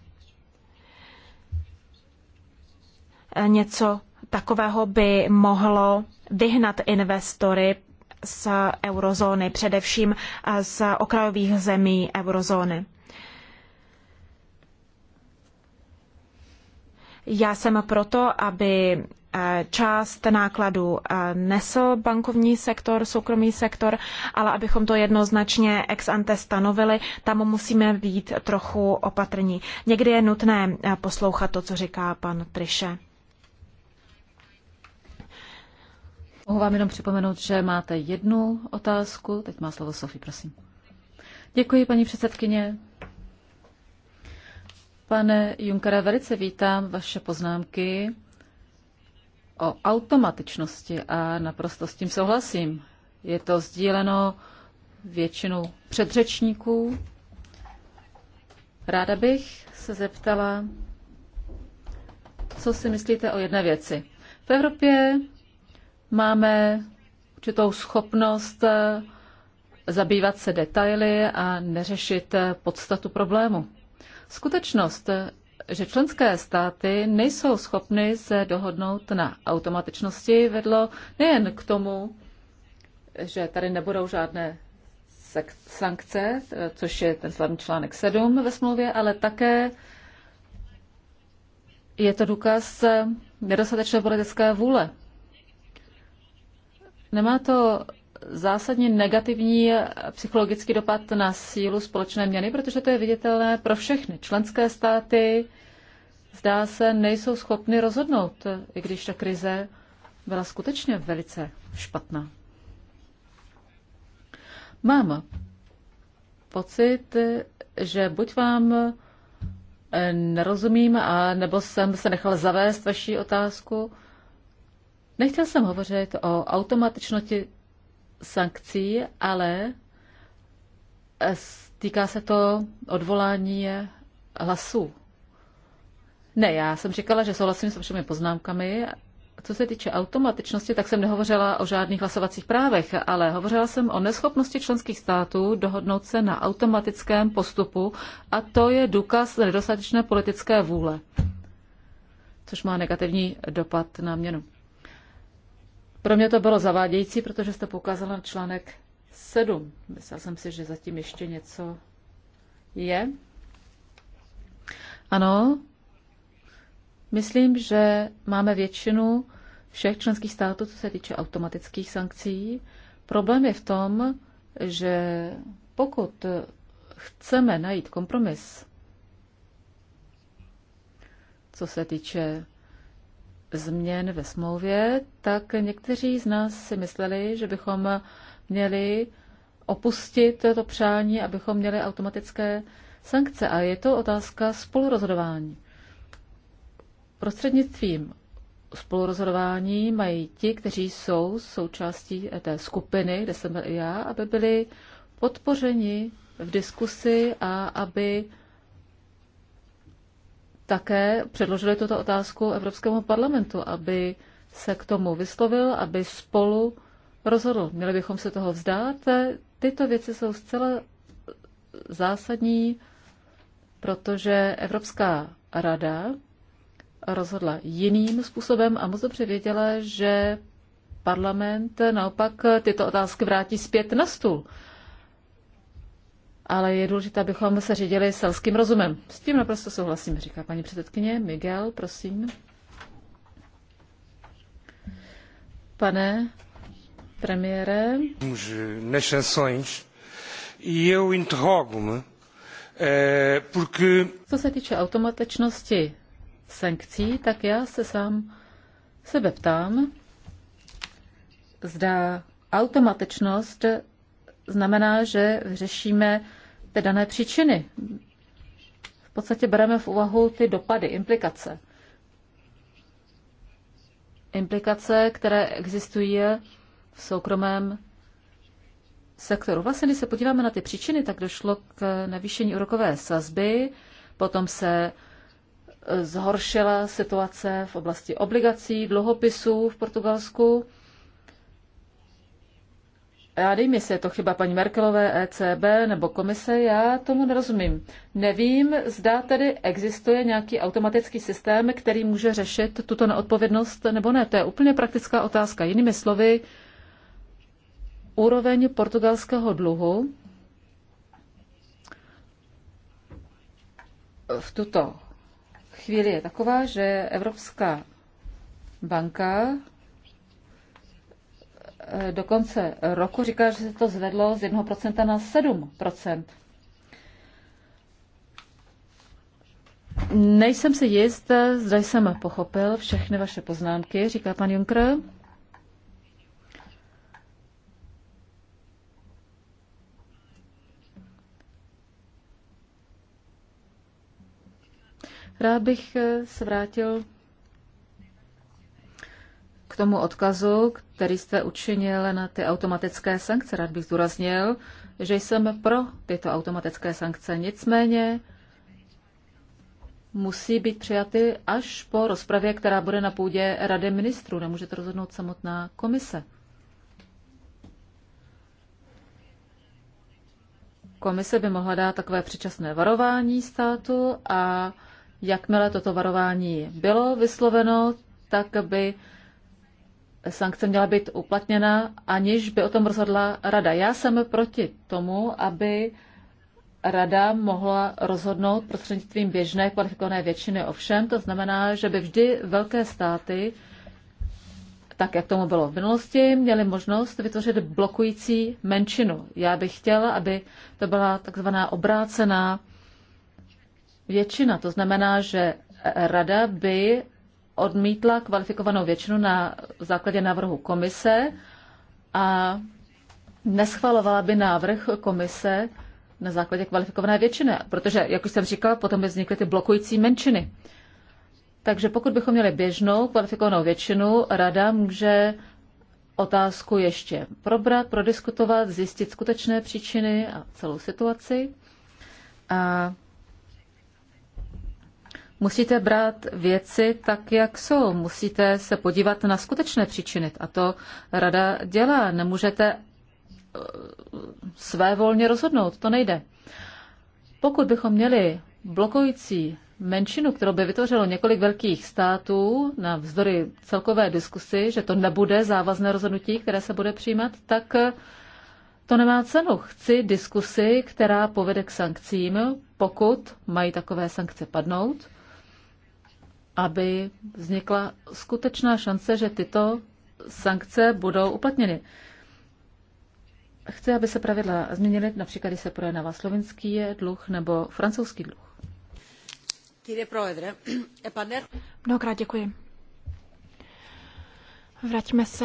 Něco takového by mohlo vyhnat investory z eurozóny, především z okrajových zemí eurozóny. Já jsem proto, aby eh, část nákladů eh, nesl bankovní sektor, soukromý sektor, ale abychom to jednoznačně ex ante stanovili, tam musíme být trochu opatrní. Někdy je nutné eh, poslouchat to, co říká pan Triše. Mohu vám jenom připomenout, že máte jednu otázku. Teď má slovo Sofie, prosím. Děkuji, paní předsedkyně. Pane Junkera, velice vítám vaše poznámky o automatičnosti a naprosto s tím souhlasím. Je to sdíleno většinou předřečníků. Ráda bych se zeptala, co si myslíte o jedné věci. V Evropě máme určitou schopnost eh, zabývat se detaily a neřešit eh, podstatu problému. Skutečnost, eh, že členské státy nejsou schopny se dohodnout na automatičnosti, vedlo nejen k tomu, že tady nebudou žádné sankce, což je ten slavný článek 7 ve smlouvě, ale také je to důkaz nedostatečné politické vůle. Nemá to zásadně negativní psychologický dopad na sílu společné měny, protože to je viditelné pro všechny. Členské státy, zdá se, nejsou schopny rozhodnout, i když ta krize byla skutečně velice špatná. Mám pocit, že buď vám eh, nerozumím, a nebo jsem se nechal zavést vaší otázku, Nechtěl jsem hovořit o automatičnosti sankcí, ale eh, týká se to odvolání eh, hlasů. Ne, já jsem říkala, že souhlasím s všemi poznámkami. Co se týče automatičnosti, tak jsem nehovořila o žádných hlasovacích právech, ale hovořila jsem o neschopnosti členských států dohodnout se na automatickém postupu a to je důkaz nedostatečné politické vůle, což má negativní dopad na měnu. Pro mě to bylo zavádějící, protože jste poukázala na článek 7. Myslel jsem si, že zatím ještě něco je. Ano, myslím, že máme většinu všech členských států, co se týče automatických sankcí. Problém je v tom, že pokud chceme najít kompromis, co se týče změn ve smlouvě, tak někteří z nás si mysleli, že bychom měli opustit to přání, abychom měli automatické sankce. A je to otázka spolurozhodování. Prostřednictvím spolurozhodování mají ti, kteří jsou součástí té skupiny, kde jsem byl i já, aby byli podpořeni v diskusi a aby také předložili tuto otázku Evropskému parlamentu, aby se k tomu vyslovil, aby spolu rozhodl. Měli bychom se toho vzdát. Tyto věci jsou zcela zásadní, protože Evropská rada rozhodla jiným způsobem a moc dobře věděla, že parlament naopak tyto otázky vrátí zpět na stůl ale je důležité, abychom se řídili selským rozumem. S tím naprosto souhlasím, říká paní předsedkyně. Miguel, prosím. Pane premiére. Eh, nas sanções e eu interrogo-me eh, porque... Co se týče automatečnosti sankcí, tak já se sám sebe ptám, zda automatečnost znamená, že řešíme ty dané příčiny. V podstatě bereme v úvahu ty dopady, implikace. Implikace, které existují v soukromém sektoru. Vlastně, když se podíváme na ty příčiny, tak došlo k navýšení úrokové sazby, potom se e, zhoršila situace v oblasti obligací, dluhopisů v Portugalsku já nevím, jestli je to chyba paní Merkelové, ECB nebo komise, já tomu nerozumím. Nevím, zda tedy existuje nějaký automatický systém, který může řešit tuto neodpovědnost nebo ne. To je úplně praktická otázka. Jinými slovy, úroveň portugalského dluhu v tuto chvíli je taková, že Evropská banka Eh, do konce roku říká, že se to zvedlo z 1% na 7%. Nejsem si jist, zda jsem pochopil všechny vaše poznámky, říká pan Juncker. Rád bych eh, se vrátil k tomu odkazu, který jste učinil na ty automatické sankce. Rád bych zdůraznil, že jsem pro tyto automatické sankce. Nicméně musí být přijaty až po rozpravě, která bude na půdě Rady ministrů. Nemůže to rozhodnout samotná komise. Komise by mohla dát takové předčasné varování státu a jakmile toto varování bylo vysloveno, tak by sankce měla být uplatněna, aniž by o tom rozhodla rada. Já jsem proti tomu, aby rada mohla rozhodnout prostřednictvím běžné kvalifikované většiny o všem. To znamená, že by vždy velké státy, tak jak tomu bylo v minulosti, měly možnost vytvořit blokující menšinu. Já bych chtěla, aby to byla takzvaná obrácená většina. To znamená, že rada by odmítla kvalifikovanou většinu na základě návrhu komise a neschvalovala by návrh komise na základě kvalifikované většiny, protože, jak už jsem říkala, potom by vznikly ty blokující menšiny. Takže pokud bychom měli běžnou kvalifikovanou většinu, rada může otázku ještě probrat, prodiskutovat, zjistit skutečné příčiny a celou situaci. A Musíte brát věci tak, jak jsou. Musíte se podívat na skutečné příčiny. A to rada dělá. Nemůžete eh, své volně rozhodnout. To nejde. Pokud bychom měli blokující menšinu, kterou by vytvořilo několik velkých států na vzdory celkové diskusy, že to nebude závazné rozhodnutí, které se bude přijímat, tak eh, to nemá cenu. Chci diskusy, která povede k sankcím, pokud mají takové sankce padnout aby vznikla skutečná šance, že tyto sankce budou uplatněny. Chci, aby se pravidla změnily, například když se projednává slovinský dluh nebo francouzský dluh. Mnohokrát děkuji. Vraťme se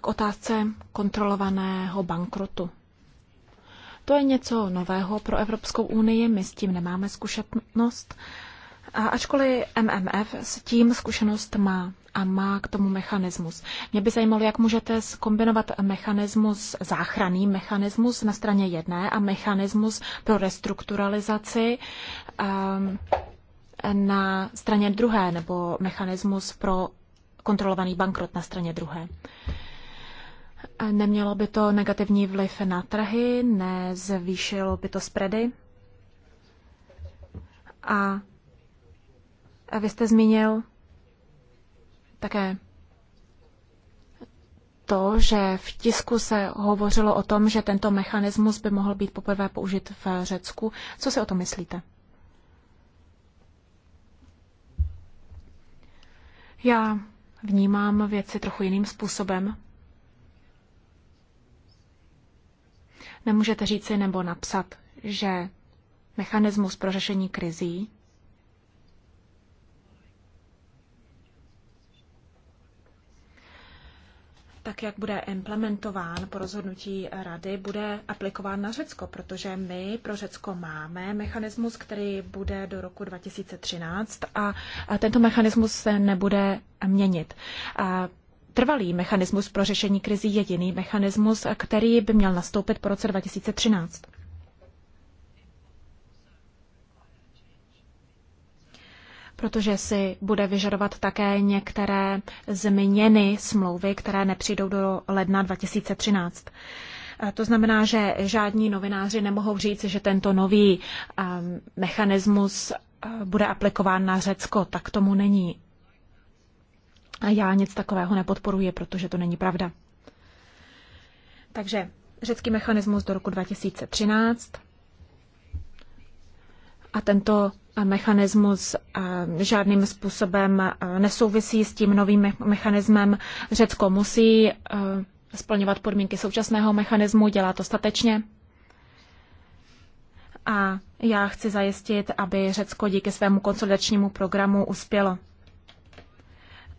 k otázce kontrolovaného bankrotu. To je něco nového pro Evropskou unii, my s tím nemáme zkušenost. A ačkoliv MMF s tím zkušenost má a má k tomu mechanismus. Mě by zajímalo, jak můžete skombinovat mechanismus, záchranný mechanismus na straně jedné a mechanismus pro restrukturalizaci um, na straně druhé, nebo mechanismus pro kontrolovaný bankrot na straně druhé. Nemělo by to negativní vliv na trhy, nezvýšilo by to spready a a vy jste zmínil také to, že v tisku se hovořilo o tom, že tento mechanismus by mohl být poprvé použit v Řecku. Co si o tom myslíte? Já vnímám věci trochu jiným způsobem. Nemůžete říci nebo napsat, že mechanismus pro řešení krizí tak jak bude implementován po rozhodnutí rady, bude aplikován na Řecko, protože my pro Řecko máme mechanismus, který bude do roku 2013 a tento mechanismus se nebude měnit. Trvalý mechanismus pro řešení krizí je jediný mechanismus, který by měl nastoupit po roce 2013. protože si bude vyžadovat také některé změny smlouvy, které nepřijdou do ledna 2013. To znamená, že žádní novináři nemohou říct, že tento nový um, mechanismus uh, bude aplikován na Řecko. Tak tomu není. A já nic takového nepodporuji, protože to není pravda. Takže řecký mechanismus do roku 2013 a tento mechanismus žádným způsobem nesouvisí s tím novým mechanismem. Řecko musí splňovat podmínky současného mechanismu, dělá to statečně. A já chci zajistit, aby Řecko díky svému konsolidačnímu programu uspělo.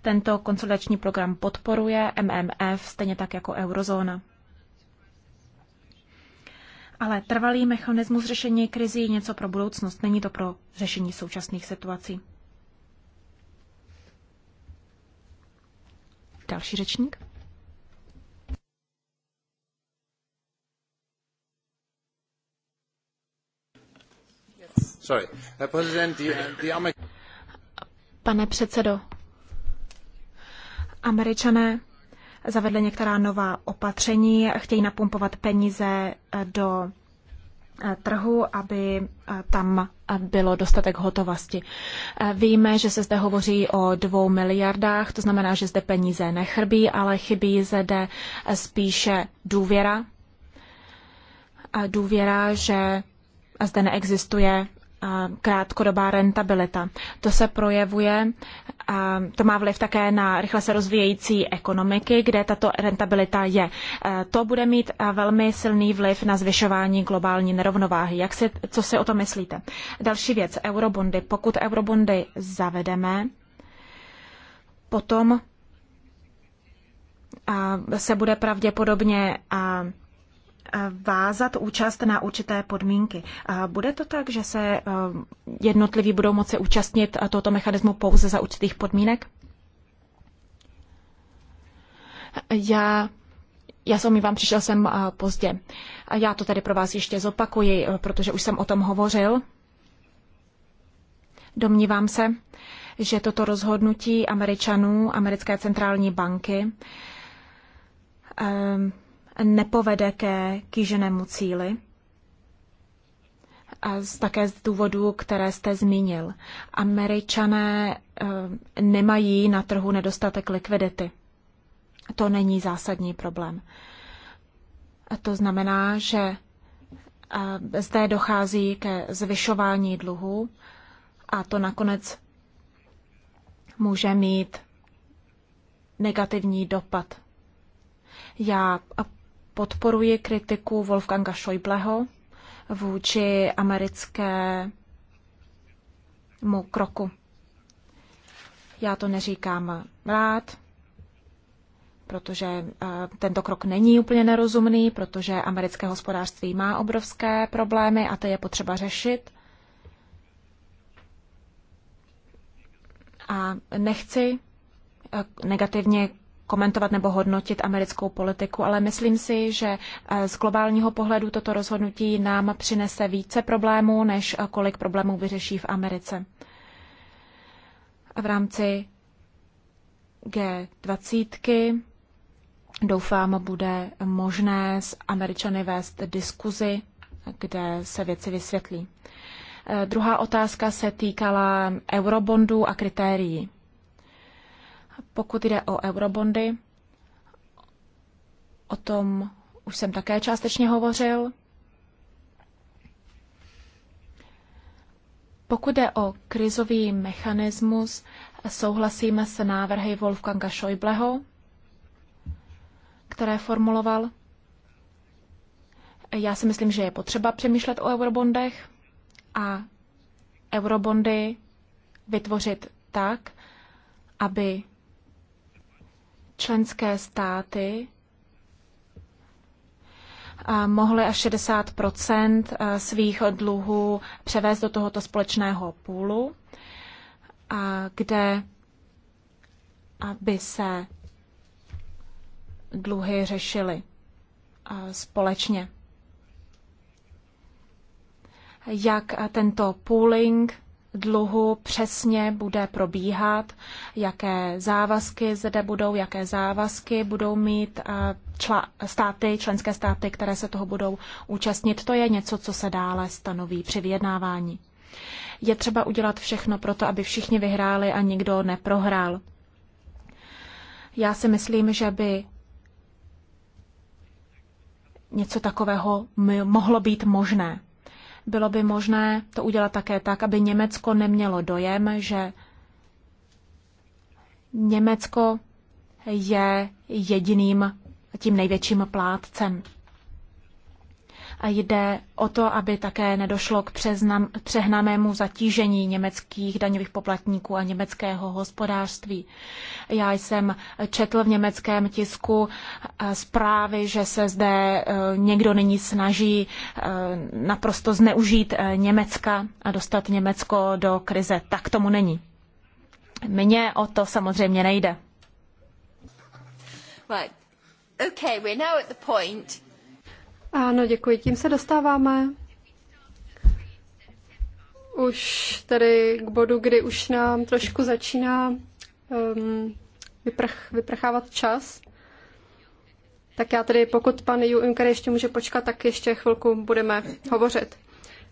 Tento konsolidační program podporuje MMF stejně tak jako eurozóna. Ale trvalý mechanismus řešení krizi je něco pro budoucnost, není to pro řešení současných situací. Další řečník. Sorry. Pane předsedo, američané zavedly některá nová opatření, chtějí napumpovat peníze eh, do eh, trhu, aby eh, tam bylo dostatek hotovosti. Víme, že se zde hovoří o dvou miliardách, to znamená, že zde peníze nechrbí, ale chybí zde spíše důvěra. Důvěra, že zde neexistuje krátkodobá rentabilita. To se projevuje, to má vliv také na rychle se rozvíjející ekonomiky, kde tato rentabilita je. E, to bude mít velmi silný vliv na zvyšování globální nerovnováhy. Jak si, co si o to myslíte? Další věc, eurobondy. Pokud eurobondy zavedeme, potom se bude pravděpodobně a vázat účast na určité podmínky. Bude to tak, že se eh, jednotliví budou moci účastnit tohoto mechanismu pouze za určitých podmínek? Já, já se omývám, přišel jsem eh, pozdě. Já to tady pro vás ještě zopakuji, eh, protože už jsem o tom hovořil. Domnívám se, že toto rozhodnutí američanů, americké centrální banky, um, nepovede ke kýženému cíli. A z, také z důvodů, které jste zmínil. Američané e, nemají na trhu nedostatek likvidity. To není zásadní problém. A to znamená, že e, zde dochází ke zvyšování dluhu a to nakonec může mít negativní dopad. Já podporuji kritiku Wolfganga Schäubleho vůči americkému kroku. Já to neříkám rád, protože eh, tento krok není úplně nerozumný, protože americké hospodářství má obrovské problémy a to je potřeba řešit. A nechci eh, negativně komentovat nebo hodnotit americkou politiku, ale myslím si, že eh, z globálního pohledu toto rozhodnutí nám přinese více problémů, než eh, kolik problémů vyřeší v Americe. v rámci G20 doufám, bude možné s Američany vést diskuzi, kde se věci vysvětlí. Eh, druhá otázka se týkala eurobondů a kritérií. Pokud jde o eurobondy, o tom už jsem také částečně hovořil. Pokud jde o krizový mechanismus, souhlasíme se návrhy Wolfganga Schäubleho, které formuloval. Já si myslím, že je potřeba přemýšlet o eurobondech a eurobondy vytvořit tak, aby členské státy mohly až 60 svých dluhů převést do tohoto společného půlu, kde aby se dluhy řešily společně. Jak tento pooling dluhu přesně bude probíhat, jaké závazky zde budou, jaké závazky budou mít eh, čla, státy, členské státy, které se toho budou účastnit. To je něco, co se dále stanoví při vyjednávání. Je třeba udělat všechno pro to, aby všichni vyhráli a nikdo neprohrál. Já si myslím, že by něco takového mohlo být možné. Bylo by možné to udělat také tak, aby Německo nemělo dojem, že Německo je jediným tím největším plátcem. Jde o to, aby také nedošlo k přeznam, přehnanému zatížení německých daňových poplatníků a německého hospodářství. Já jsem četl v německém tisku eh, zprávy, že se zde eh, někdo nyní snaží eh, naprosto zneužít Německa a dostat Německo do krize. Tak tomu není. Mně o to samozřejmě nejde. Right. Okay, we're now at the point ano, děkuji. Tím se dostáváme už tady k bodu, kdy už nám trošku začíná um, vyprch, vyprchávat čas. Tak já tedy, pokud pan Juncker ještě může počkat, tak ještě chvilku budeme hovořit.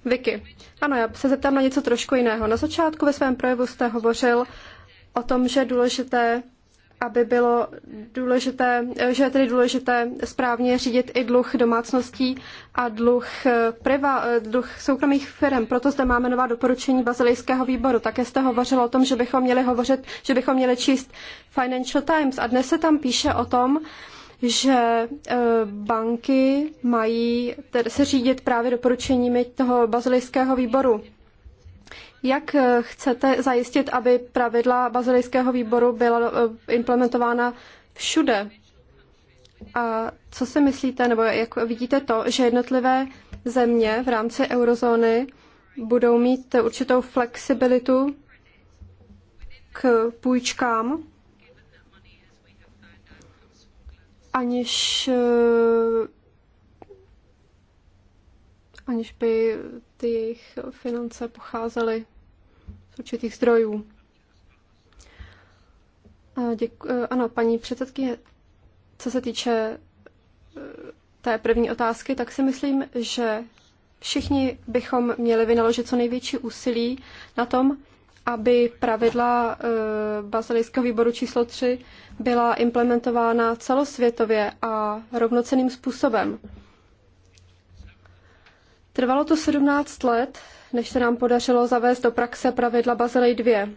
Vicky, ano, já se zeptám na něco trošku jiného. Na začátku ve svém projevu jste hovořil o tom, že je důležité aby bylo důležité, že je tedy důležité správně řídit i dluh domácností a dluh, priva, dluh soukromých firm. Proto zde máme nová doporučení bazilejského výboru. Také jste hovořil o tom, že bychom měli hovořit, že bychom měli číst Financial Times. A dnes se tam píše o tom, že eh, banky mají se řídit právě doporučeními toho bazilejského výboru. Jak eh, chcete zajistit, aby pravidla bazilejského výboru byla eh, implementována všude? A co si myslíte, nebo jak vidíte to, že jednotlivé země v rámci eurozóny budou mít určitou flexibilitu k půjčkám, aniž eh, aniž by ty jejich finance pocházely z určitých zdrojů. Děku- e, ano, paní předsedkyně, co se týče e, té první otázky, tak si myslím, že všichni bychom měli vynaložit co největší úsilí na tom, aby pravidla e, Bazilejského výboru číslo 3 byla implementována celosvětově a rovnoceným způsobem. Trvalo to 17 let, než se nám podařilo zavést do praxe pravidla Bazilej 2.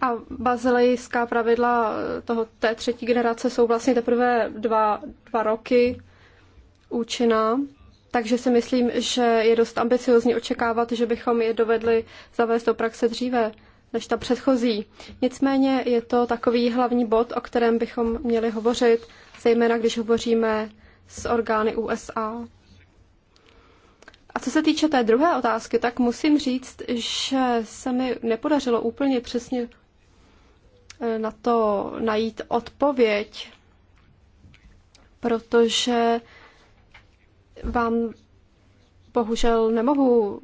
A bazilejská pravidla toho, té třetí generace jsou vlastně teprve dva, dva roky účinná, takže si myslím, že je dost ambiciozní očekávat, že bychom je dovedli zavést do praxe dříve než ta předchozí. Nicméně je to takový hlavní bod, o kterém bychom měli hovořit, zejména když hovoříme s orgány USA. A co se týče té druhé otázky, tak musím říct, že se mi nepodařilo úplně přesně eh, na to najít odpověď, protože vám bohužel nemohu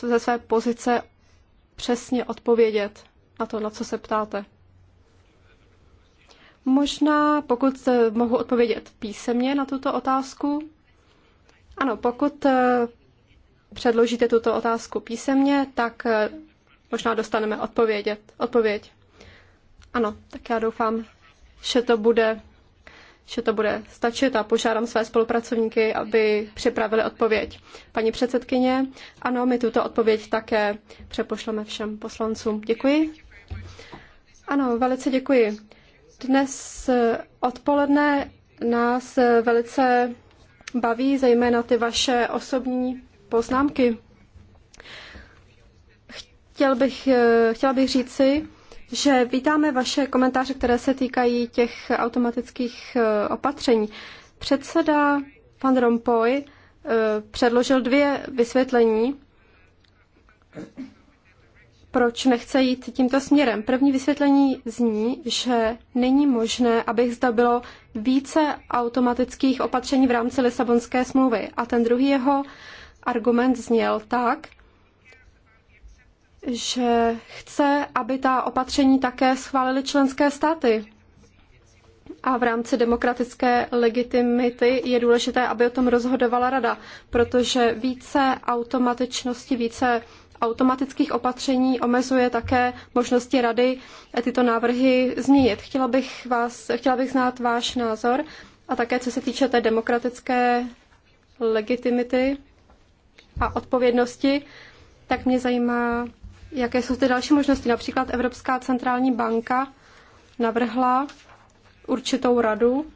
ze své pozice přesně odpovědět na to, na co se ptáte. Možná, pokud eh, mohu odpovědět písemně na tuto otázku. Ano, pokud eh, předložíte tuto otázku písemně, tak eh, možná dostaneme odpovědět, odpověď. Ano, tak já doufám, že to bude že to bude stačit a požádám své spolupracovníky, aby připravili odpověď. Paní předsedkyně, ano, my tuto odpověď také přepošleme všem poslancům. Děkuji. Ano, velice děkuji. Dnes eh, odpoledne nás eh, velice baví zejména ty vaše osobní poznámky. Chtěl bych, eh, chtěla bych říci, že vítáme vaše komentáře, které se týkají těch automatických eh, opatření. Předseda Van Rompuy eh, předložil dvě vysvětlení, proč nechce jít tímto směrem. První vysvětlení zní, že není možné, aby zda bylo více automatických opatření v rámci Lisabonské smlouvy. A ten druhý jeho argument zněl tak, že chce, aby ta opatření také schválily členské státy. A v rámci demokratické legitimity je důležité, aby o tom rozhodovala rada, protože více automatičnosti, více automatických opatření omezuje také možnosti rady tyto návrhy změnit. Chtěla bych, vás, chtěla bych znát váš názor a také co se týče té demokratické legitimity a odpovědnosti, tak mě zajímá, jaké jsou ty další možnosti. Například Evropská centrální banka navrhla určitou radu,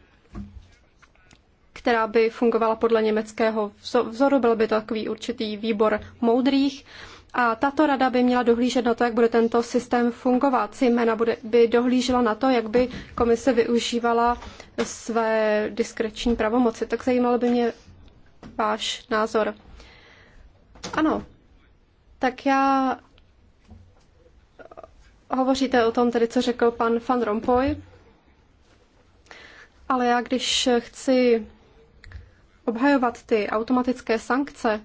která by fungovala podle německého vzoru. Byl by to takový určitý výbor moudrých. A tato rada by měla dohlížet na to, jak bude tento systém fungovat. Zejména by dohlížela na to, jak by komise využívala své diskreční pravomoci. Tak zajímalo by mě váš názor. Ano, tak já eh, hovoříte o tom tedy, co řekl pan Van Rompuy, ale já když chci obhajovat ty automatické sankce,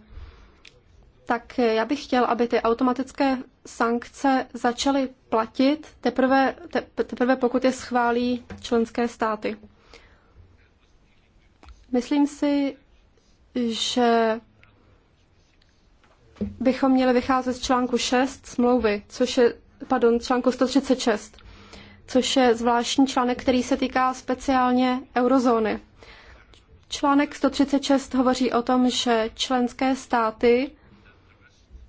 tak já bych chtěl, aby ty automatické sankce začaly platit teprve, te, teprve pokud je schválí členské státy. Myslím si, že bychom měli vycházet z článku 6 smlouvy, což je, pardon, článku 136, což je zvláštní článek, který se týká speciálně eurozóny. Článek 136 hovoří o tom, že členské státy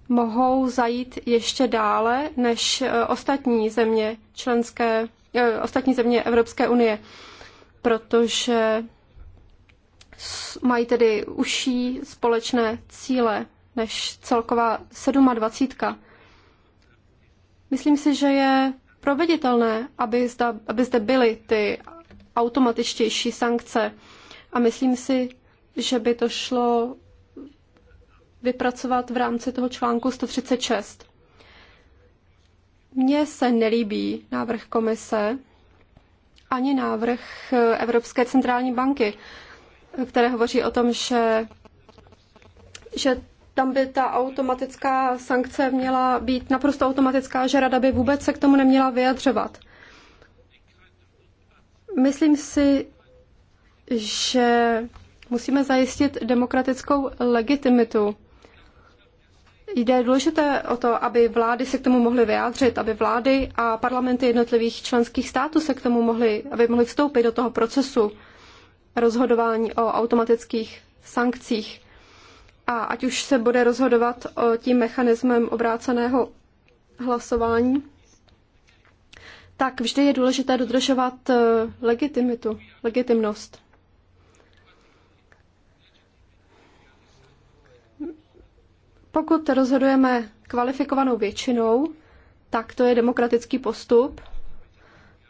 mohou zajít ještě dále než eh, ostatní země členské, eh, ostatní země Evropské unie, protože mají tedy užší společné cíle než celková 27. Myslím si, že je proveditelné, aby, zda, aby zde byly ty automatičtější sankce. A myslím si, že by to šlo vypracovat v rámci toho článku 136. Mně se nelíbí návrh komise ani návrh Evropské centrální banky, které hovoří o tom, že, že tam by ta automatická sankce měla být naprosto automatická, že rada by vůbec se k tomu neměla vyjadřovat. Myslím si, že musíme zajistit demokratickou legitimitu. Jde důležité o to, aby vlády se k tomu mohly vyjádřit, aby vlády a parlamenty jednotlivých členských států se k tomu mohly, aby mohly vstoupit do toho procesu rozhodování o automatických sankcích. A ať už se bude rozhodovat o tím mechanismem obráceného hlasování, tak vždy je důležité dodržovat eh, legitimitu, legitimnost. Pokud rozhodujeme kvalifikovanou většinou, tak to je demokratický postup –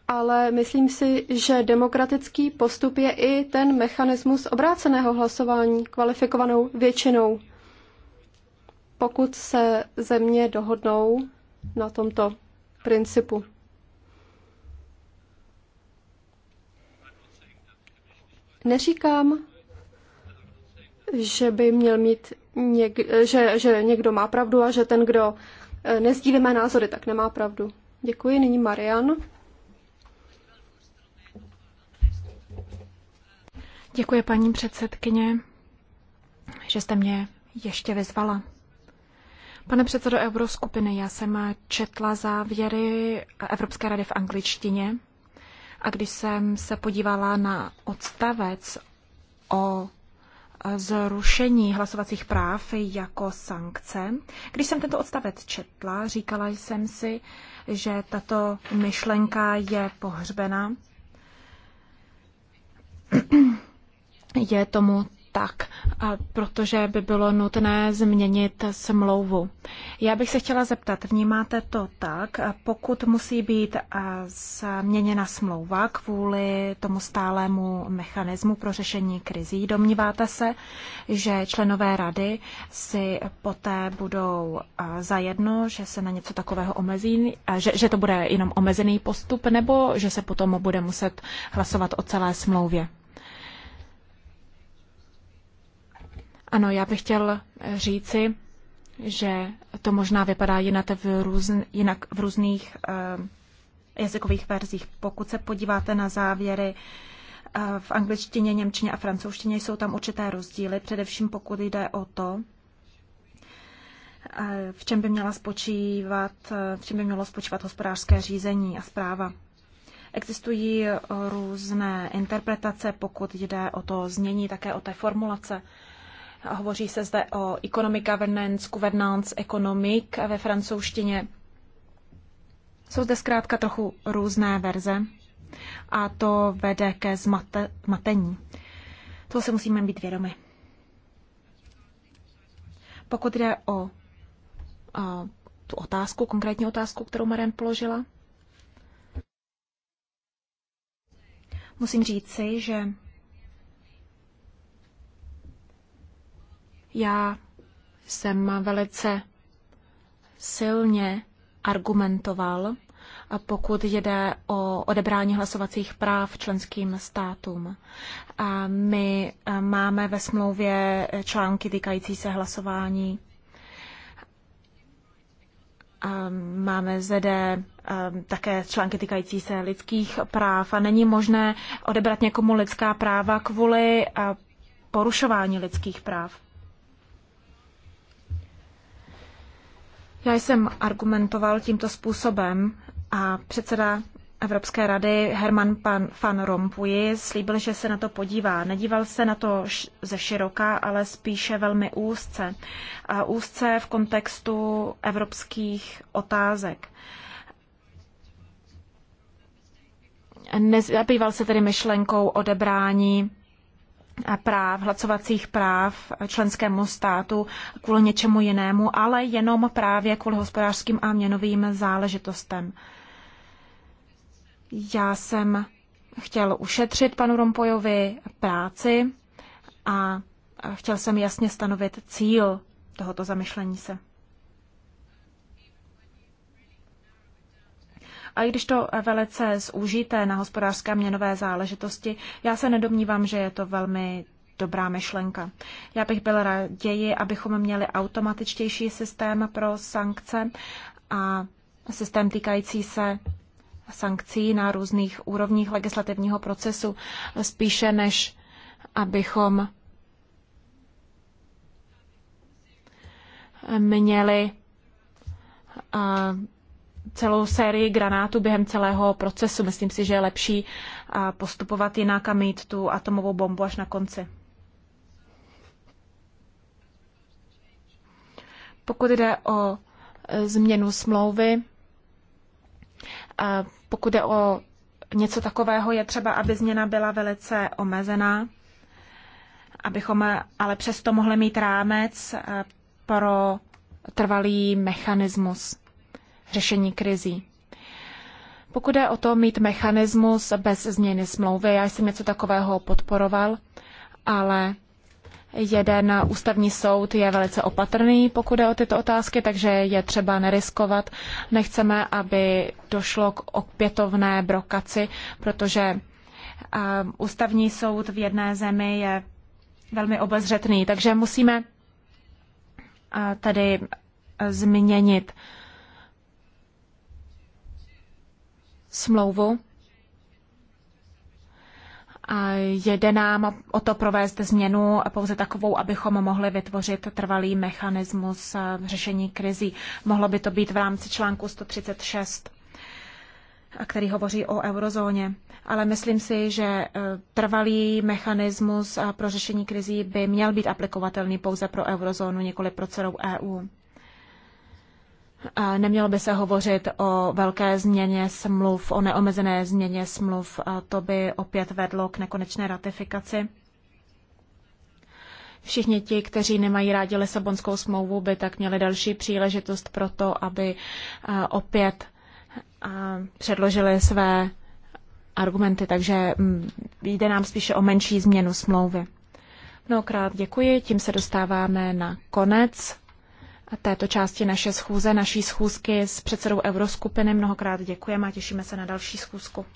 ale myslím si, že demokratický postup je i ten mechanismus obráceného hlasování kvalifikovanou většinou, pokud se země dohodnou na tomto principu. Neříkám, že by měl mít něk- že, že někdo má pravdu a že ten, kdo eh, nezdílí mé názory, tak nemá pravdu. Děkuji. Nyní Marian. Děkuji, paní předsedkyně, že jste mě ještě vyzvala. Pane předsedo Euroskupiny, já jsem četla závěry Evropské rady v angličtině a když jsem se podívala na odstavec o zrušení hlasovacích práv jako sankce. Když jsem tento odstavec četla, říkala jsem si, že tato myšlenka je pohřbena je tomu tak, protože by bylo nutné změnit smlouvu. Já bych se chtěla zeptat, vnímáte to tak, pokud musí být změněna smlouva kvůli tomu stálému mechanismu pro řešení krizí, domníváte se, že členové rady si poté budou zajedno, že se na něco takového omezí, že, že to bude jenom omezený postup, nebo že se potom bude muset hlasovat o celé smlouvě? Ano, já bych chtěl eh, říci, že to možná vypadá jinak v, různ, jinak v různých uh, jazykových verzích. Pokud se podíváte na závěry uh, v angličtině, němčině a francouzštině, jsou tam určité rozdíly, především pokud jde o to, v čem by měla spočívat, v čem by mělo spočívat hospodářské řízení a zpráva. Existují různé interpretace, pokud jde o to znění, také o té formulace. Uh, Hovoří se zde o economic governance, governance economic ve francouzštině. Jsou zde zkrátka trochu různé verze a to vede ke zmate, zmatení. To se musíme být vědomi. Pokud jde o a, tu otázku, konkrétní otázku, kterou Maren položila, musím říci, že Já jsem velice silně argumentoval, pokud jde o odebrání hlasovacích práv členským státům. A my e, máme ve smlouvě články týkající se hlasování. A máme zde e, také články týkající se lidských práv a není možné odebrat někomu lidská práva kvůli e, porušování lidských práv. Já jsem argumentoval tímto způsobem a předseda Evropské rady Herman pan, van Rompuy slíbil, že se na to podívá. Nedíval se na to ze široka, ale spíše velmi úzce. A úzce v kontextu evropských otázek. Nezabýval se tedy myšlenkou odebrání práv, hlacovacích práv členskému státu kvůli něčemu jinému, ale jenom právě kvůli hospodářským a měnovým záležitostem. Já jsem chtěl ušetřit panu Rompojovi práci a chtěl jsem jasně stanovit cíl tohoto zamyšlení se. A i když to velice zúžíte na hospodářské a měnové záležitosti, já se nedomnívám, že je to velmi dobrá myšlenka. Já bych byla raději, abychom měli automatičtější systém pro sankce a systém týkající se sankcí na různých úrovních legislativního procesu, spíše než abychom měli celou sérii granátů během celého procesu. Myslím si, že je lepší postupovat jinak a mít tu atomovou bombu až na konci. Pokud jde o e, změnu smlouvy, e, pokud jde o něco takového, je třeba, aby změna byla velice omezená, abychom ale přesto mohli mít rámec e, pro trvalý mechanismus řešení krizí. Pokud je o to mít mechanismus bez změny smlouvy, já jsem něco takového podporoval, ale jeden ústavní soud je velice opatrný, pokud je o tyto otázky, takže je třeba neriskovat. Nechceme, aby došlo k opětovné brokaci, protože ústavní soud v jedné zemi je velmi obezřetný, takže musíme tady změnit smlouvu a jde nám o to provést změnu pouze takovou, abychom mohli vytvořit trvalý mechanismus eh, řešení krizí. Mohlo by to být v rámci článku 136 který hovoří o eurozóně. Ale myslím si, že eh, trvalý mechanismus eh, pro řešení krizí by měl být aplikovatelný pouze pro eurozónu, nikoli pro celou EU. Nemělo by se hovořit o velké změně smluv, o neomezené změně smluv. To by opět vedlo k nekonečné ratifikaci. Všichni ti, kteří nemají rádi Lisabonskou smlouvu, by tak měli další příležitost pro to, aby opět předložili své argumenty. Takže mm, jde nám spíše o menší změnu smlouvy. Mnohokrát děkuji, tím se dostáváme na konec této části naše schůze, naší schůzky s předsedou Euroskupiny. Mnohokrát děkujeme a těšíme se na další schůzku.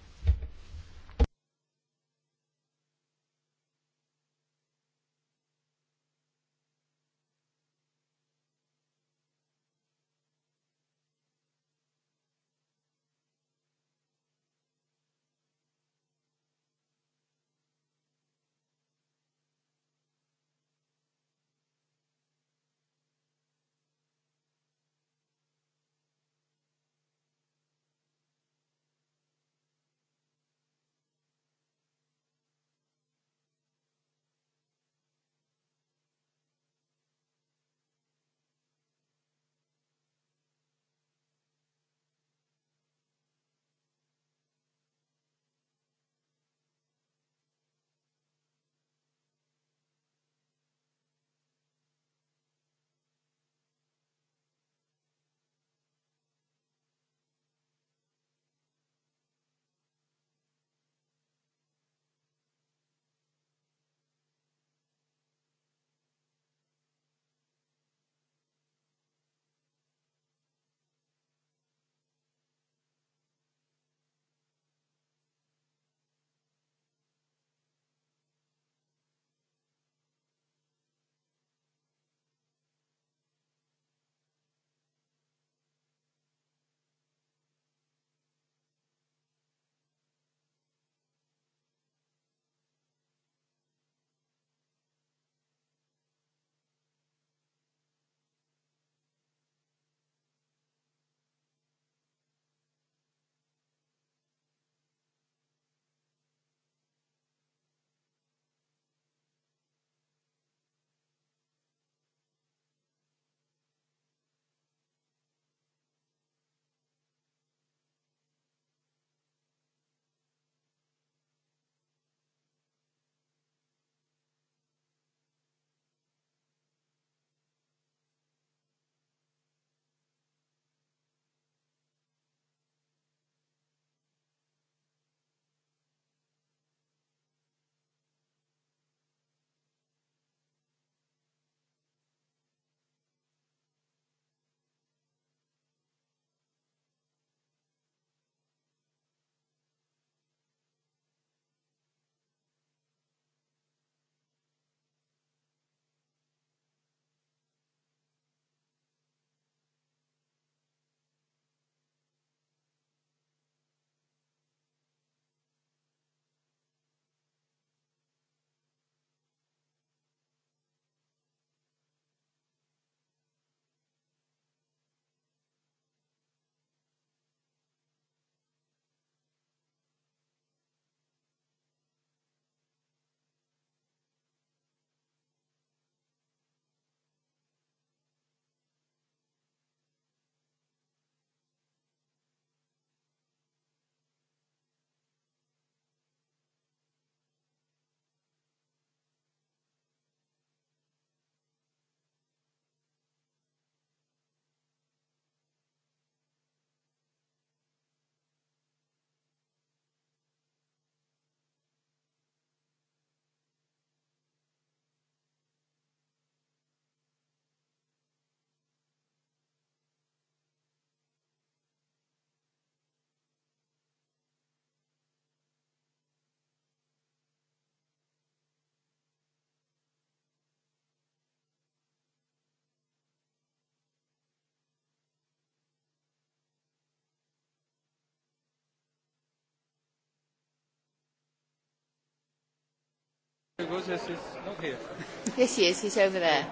Yes, he is. He's over there.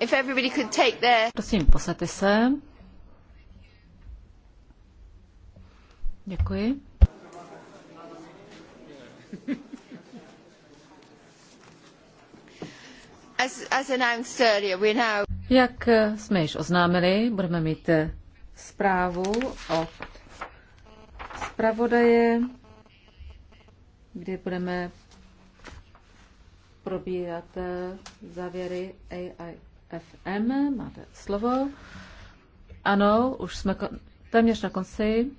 If everybody could take their... Prosím, posaďte se. Děkuji. As, as announced earlier, we now... Jak jsme již oznámili, budeme mít zprávu o zpravodaje, kde budeme probírat eh, závěry AIFM. Máte slovo. Ano, už jsme téměř na konci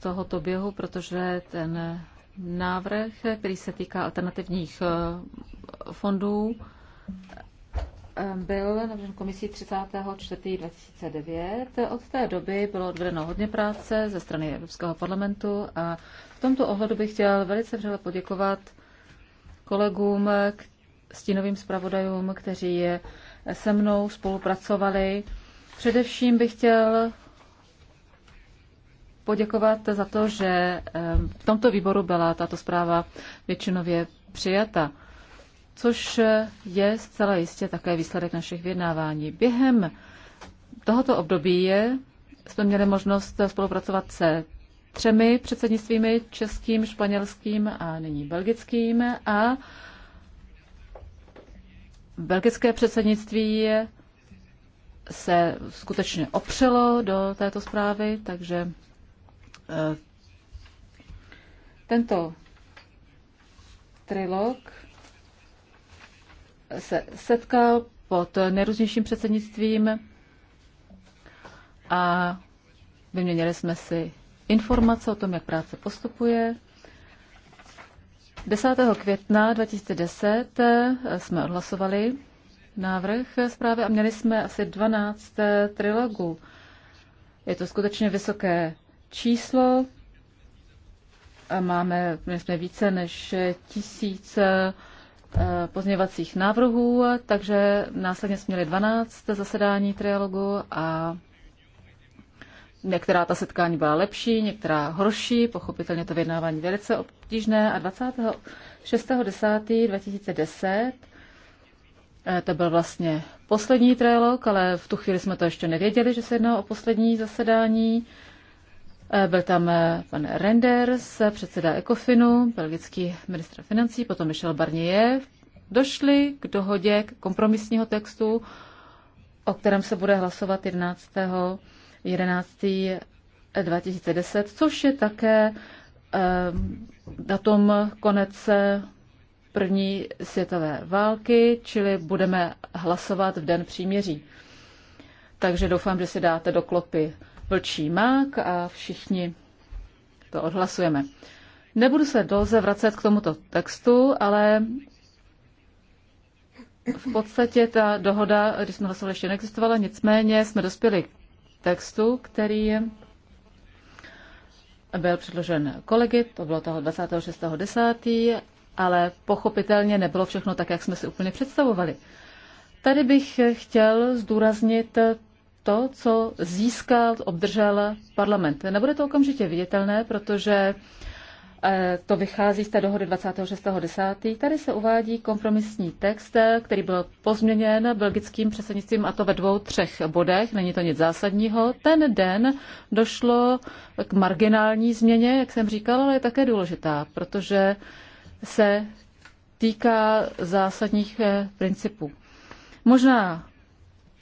tohoto běhu, protože ten návrh, který se týká alternativních eh, fondů, eh, byl navržen komisí 34.2009. Od té doby bylo odvedeno hodně práce ze strany Evropského parlamentu a v tomto ohledu bych chtěl velice vřele poděkovat kolegům, stínovým zpravodajům, kteří je se mnou spolupracovali. Především bych chtěl poděkovat za to, že v tomto výboru byla tato zpráva většinově přijata, což je zcela jistě také výsledek našich vyjednávání. Během tohoto období je, jsme měli možnost spolupracovat se třemi předsednictvími, českým, španělským a nyní belgickým. A belgické předsednictví se skutečně opřelo do této zprávy, takže eh, tento trilog se setkal pod nejrůznějším předsednictvím a vyměnili jsme si informace o tom, jak práce postupuje. 10. května 2010 eh, jsme odhlasovali návrh zprávy a měli jsme asi 12 eh, trilogů. Je to skutečně vysoké číslo. Máme, měli jsme více než tisíc eh, pozměvacích návrhů, takže následně jsme měli 12 zasedání trialogu a Některá ta setkání byla lepší, některá horší, pochopitelně to vyjednávání velice obtížné a 26.10.2010 eh, to byl vlastně poslední trilog, ale v tu chvíli jsme to ještě nevěděli, že se jedná o poslední zasedání. Eh, byl tam eh, pan Renders, předseda Ecofinu, belgický ministr financí, potom Michel Barnier. Došli k dohodě k kompromisního textu, o kterém se bude hlasovat 11. 11. 2010, eh, což je také eh, datum konece první světové války, čili budeme hlasovat v den příměří. Takže doufám, že si dáte do klopy vlčí mák a všichni to odhlasujeme. Nebudu se dlouze vracet k tomuto textu, ale v podstatě ta dohoda, když jsme hlasovali, ještě neexistovala, nicméně jsme dospěli textu, který byl předložen kolegy, to bylo toho 26.10., ale pochopitelně nebylo všechno tak, jak jsme si úplně představovali. Tady bych chtěl zdůraznit to, co získal, obdržel parlament. Nebude to okamžitě viditelné, protože Eh, to vychází z té dohody 26.10. Tady se uvádí kompromisní text, eh, který byl pozměněn belgickým předsednictvím a to ve dvou, třech bodech. Není to nic zásadního. Ten den došlo k marginální změně, jak jsem říkala, ale je také důležitá, protože se týká zásadních eh, principů. Možná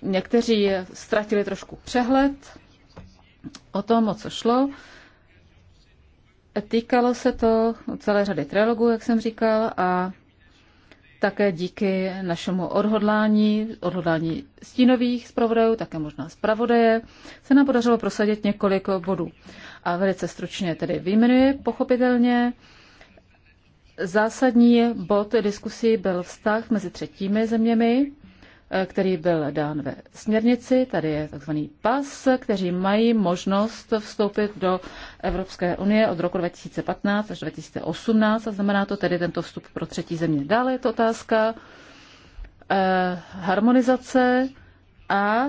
někteří ztratili trošku přehled o tom, o co šlo. Týkalo se to celé řady trilogů, jak jsem říkal, a také díky našemu odhodlání, odhodlání stínových zpravodajů, také možná zpravodaje, se nám podařilo prosadit několik bodů. A velice stručně tedy vyjmenuji, pochopitelně. Zásadní bod diskusí byl vztah mezi třetími zeměmi, Eh, který byl dán ve směrnici. Tady je tzv. pas, kteří mají možnost vstoupit do Evropské unie od roku 2015 až 2018 a znamená to tedy tento vstup pro třetí země. Dále je to otázka eh, harmonizace a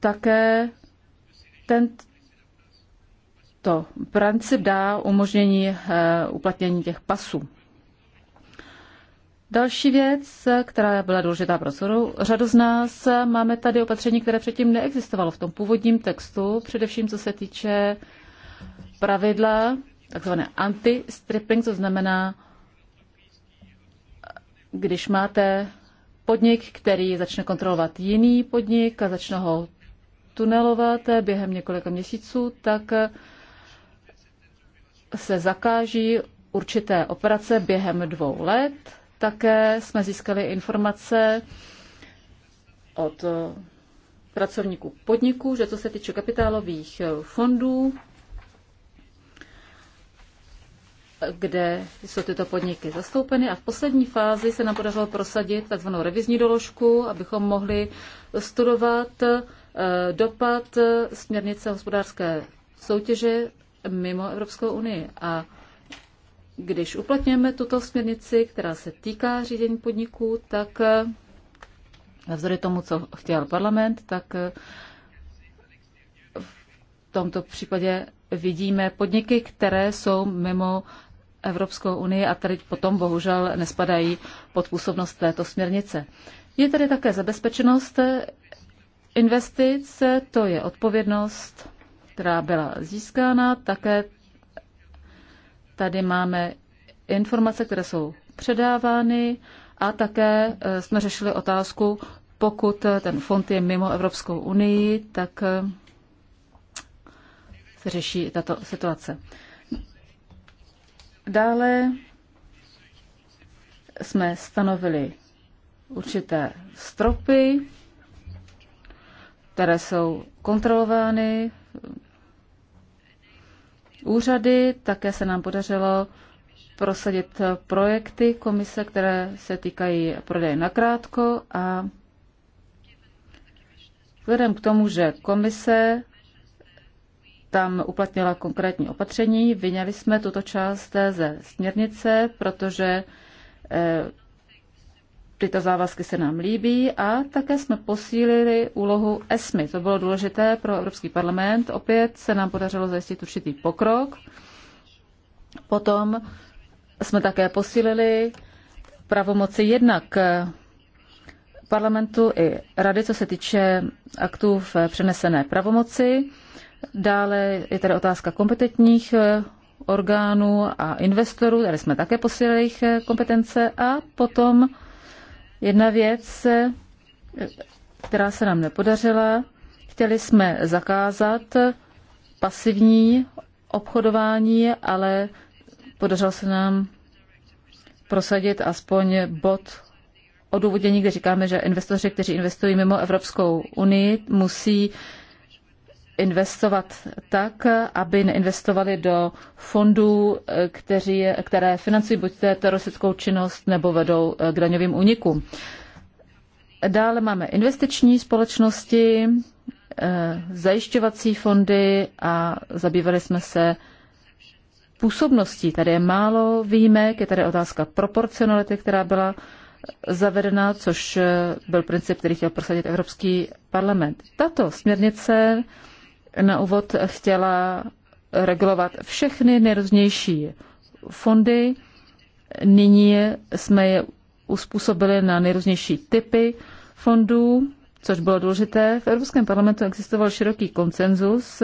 také ten to princip dá umožnění eh, uplatnění těch pasů. Další věc, která byla důležitá pro řadu z nás, máme tady opatření, které předtím neexistovalo v tom původním textu, především co se týče pravidla, takzvané anti-stripping, co znamená, když máte podnik, který začne kontrolovat jiný podnik a začne ho tunelovat během několika měsíců, tak se zakáží určité operace během dvou let také jsme získali informace od eh, pracovníků podniku, že co se týče kapitálových eh, fondů, kde jsou tyto podniky zastoupeny. A v poslední fázi se nám podařilo prosadit tzv. revizní doložku, abychom mohli studovat eh, dopad směrnice hospodářské soutěže mimo Evropskou unii. A když uplatňujeme tuto směrnici, která se týká řízení podniků, tak eh, navzdory tomu, co chtěl parlament, tak eh, v tomto případě vidíme podniky, které jsou mimo Evropskou unii a tady potom bohužel nespadají pod působnost této směrnice. Je tady také zabezpečenost investic, to je odpovědnost, která byla získána, také Tady máme informace, které jsou předávány a také eh, jsme řešili otázku, pokud eh, ten fond je mimo Evropskou unii, tak eh, se řeší tato situace. Dále jsme stanovili určité stropy, které jsou kontrolovány úřady. Také se nám podařilo prosadit projekty komise, které se týkají prodeje nakrátko a vzhledem k tomu, že komise tam uplatnila konkrétní opatření, vyňali jsme tuto část ze směrnice, protože eh, Tyto závazky se nám líbí a také jsme posílili úlohu ESMI. To bylo důležité pro Evropský parlament. Opět se nám podařilo zajistit určitý pokrok. Potom jsme také posílili pravomoci jednak parlamentu i rady, co se týče aktů v přenesené pravomoci. Dále je tady otázka kompetentních orgánů a investorů, tady jsme také posílili jejich kompetence a potom Jedna věc, která se nám nepodařila, chtěli jsme zakázat pasivní obchodování, ale podařilo se nám prosadit aspoň bod odůvodnění, kde říkáme, že investoři, kteří investují mimo Evropskou unii, musí investovat tak, aby neinvestovali do fondů, kteří, které financují buď teroristickou činnost nebo vedou eh, k daňovým únikům. Dále máme investiční společnosti, eh, zajišťovací fondy a zabývali jsme se působností. Tady je málo výjimek, je tady otázka proporcionality, která byla zavedena, což eh, byl princip, který chtěl prosadit Evropský parlament. Tato směrnice na úvod chtěla regulovat všechny nejrůznější fondy. Nyní jsme je uspůsobili na nejrůznější typy fondů, což bylo důležité. V Evropském parlamentu existoval široký konsenzus.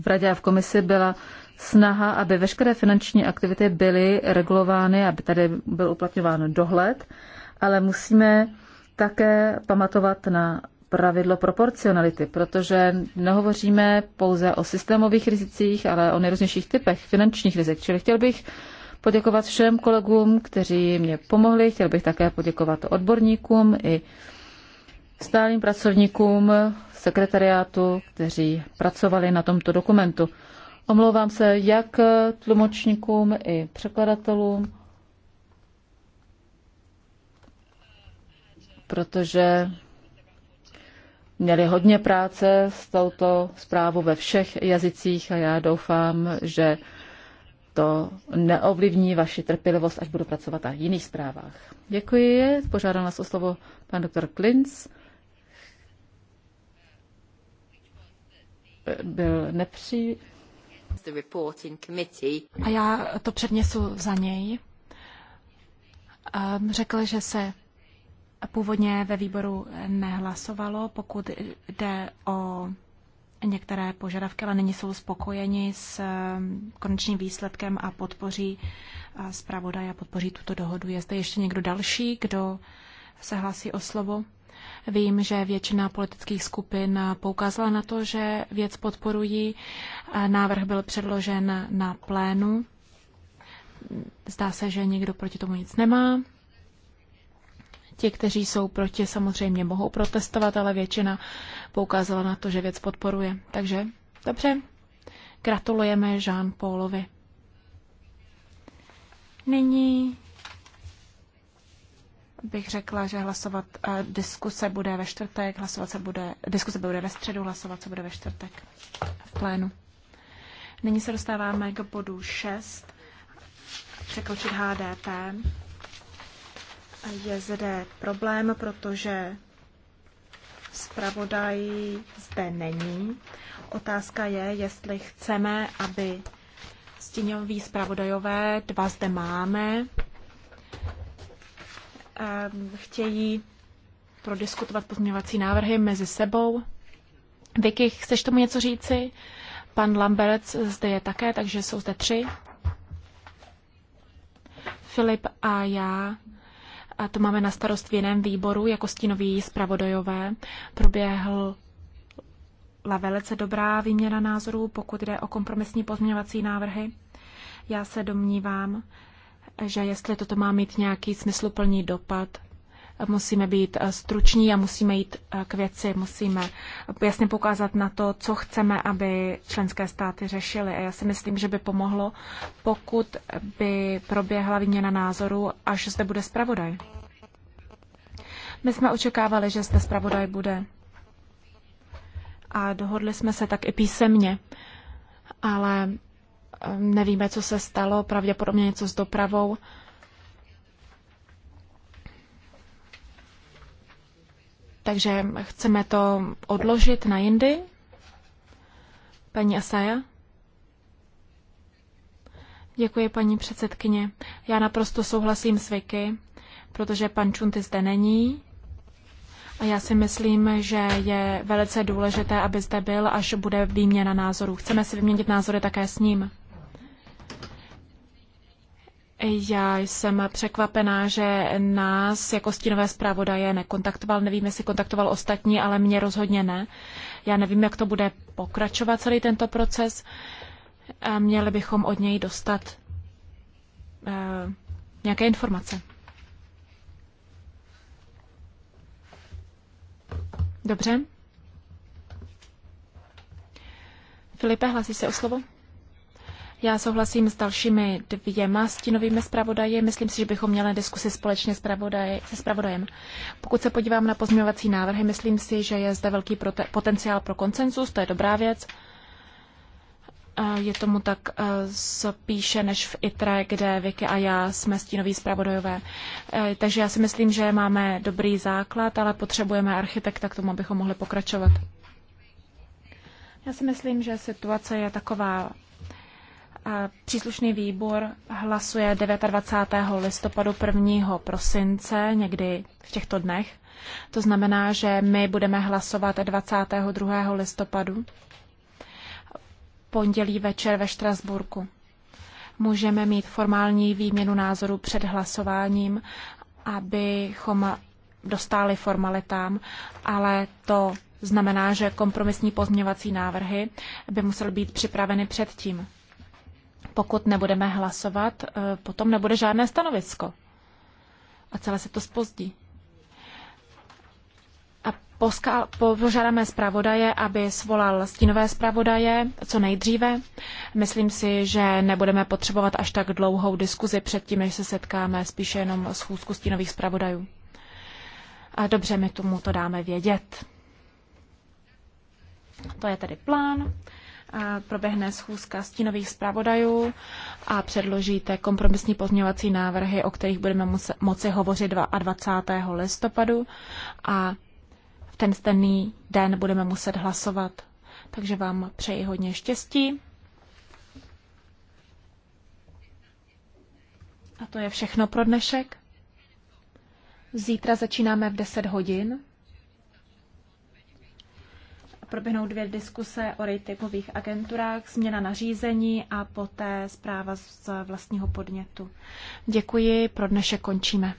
V radě a v komisi byla snaha, aby veškeré finanční aktivity byly regulovány, aby tady byl uplatňován dohled, ale musíme také pamatovat na pravidlo proporcionality, protože nehovoříme pouze o systémových rizicích, ale o nejrůznějších typech finančních rizik. Čili chtěl bych poděkovat všem kolegům, kteří mě pomohli. Chtěl bych také poděkovat odborníkům i stálým pracovníkům sekretariátu, kteří pracovali na tomto dokumentu. Omlouvám se jak tlumočníkům i překladatelům, protože měli hodně práce s touto zprávou ve všech jazycích a já doufám, že to neovlivní vaši trpělivost, až budu pracovat na jiných zprávách. Děkuji. Požádám vás o slovo pan doktor Klinc. Byl nepří... A já to přednesu za něj. Ehm, řekl, že se původně ve výboru nehlasovalo, pokud jde o některé požadavky, ale nyní jsou spokojeni s um, konečným výsledkem a podpoří zpravodaj a podpoří tuto dohodu. Je zde ještě někdo další, kdo se hlasí o slovo? Vím, že většina politických skupin poukázala na to, že věc podporují. Návrh byl předložen na plénu. Zdá se, že nikdo proti tomu nic nemá. Ti, kteří jsou proti, samozřejmě mohou protestovat, ale většina poukázala na to, že věc podporuje. Takže dobře, gratulujeme Jean Paulovi. Nyní bych řekla, že hlasovat eh, diskuse bude ve čtvrtek, hlasovat se bude, diskuse bude ve středu, hlasovat se bude ve čtvrtek v plénu. Nyní se dostáváme k bodu 6, překročit HDP je zde problém, protože zpravodaj zde není. Otázka je, jestli chceme, aby stíňoví zpravodajové, dva zde máme, ehm, chtějí prodiskutovat pozměňovací návrhy mezi sebou. Vicky, chceš tomu něco říci? Pan Lamberec zde je také, takže jsou zde tři. Filip a já a to máme na starost v jiném výboru, jako stínoví zpravodajové, proběhl la velice dobrá výměna názorů, pokud jde o kompromisní pozměňovací návrhy. Já se domnívám, že jestli toto má mít nějaký smysluplný dopad, musíme být eh, struční a musíme jít eh, k věci, musíme jasně poukázat na to, co chceme, aby členské státy řešily. A já si myslím, že by pomohlo, pokud by proběhla výměna názoru, až zde bude zpravodaj. My jsme očekávali, že zde zpravodaj bude. A dohodli jsme se tak i písemně. Ale eh, nevíme, co se stalo, pravděpodobně něco s dopravou. Takže chceme to odložit na jindy? Paní Asaja? Děkuji, paní předsedkyně. Já naprosto souhlasím s Vicky, protože pan Čunty zde není. A já si myslím, že je velice důležité, aby zde byl, až bude výměna názorů. Chceme si vyměnit názory také s ním. Já jsem překvapená, že nás jako stínové zpravodaje nekontaktoval. Nevím, jestli kontaktoval ostatní, ale mě rozhodně ne. Já nevím, jak to bude pokračovat celý tento proces. Měli bychom od něj dostat eh, nějaké informace. Dobře. Filipe, hlasí se o slovo? Já souhlasím s dalšími dvěma stínovými zpravodaji. Myslím si, že bychom měli diskusi společně zpravodaj, se zpravodajem. Pokud se podívám na pozměňovací návrhy, myslím si, že je zde velký potenciál pro konsenzus, to je dobrá věc. Je tomu tak e, spíše než v ITRE, kde Vicky a já jsme stínoví zpravodajové. E, takže já si myslím, že máme dobrý základ, ale potřebujeme architekta k tomu, abychom mohli pokračovat. Já si myslím, že situace je taková Příslušný výbor hlasuje 29. listopadu 1. prosince, někdy v těchto dnech. To znamená, že my budeme hlasovat 22. listopadu, pondělí večer ve Štrasburku. Můžeme mít formální výměnu názoru před hlasováním, abychom dostáli formalitám, ale to znamená, že kompromisní pozměňovací návrhy by musely být připraveny předtím. Pokud nebudeme hlasovat, eh, potom nebude žádné stanovisko. A celé se to spozdí. A požádáme zpravodaje, aby svolal stínové zpravodaje co nejdříve. Myslím si, že nebudeme potřebovat až tak dlouhou diskuzi předtím, než se setkáme, spíše jenom schůzku stínových zpravodajů. A dobře, my tomu to dáme vědět. To je tedy plán proběhne schůzka stínových zpravodajů a předložíte kompromisní pozměňovací návrhy, o kterých budeme moci hovořit 22. listopadu a v ten stejný den budeme muset hlasovat. Takže vám přeji hodně štěstí. A to je všechno pro dnešek. Zítra začínáme v 10 hodin proběhnou dvě diskuse o ratingových agenturách, změna nařízení a poté zpráva z vlastního podnětu. Děkuji, pro dnešek končíme.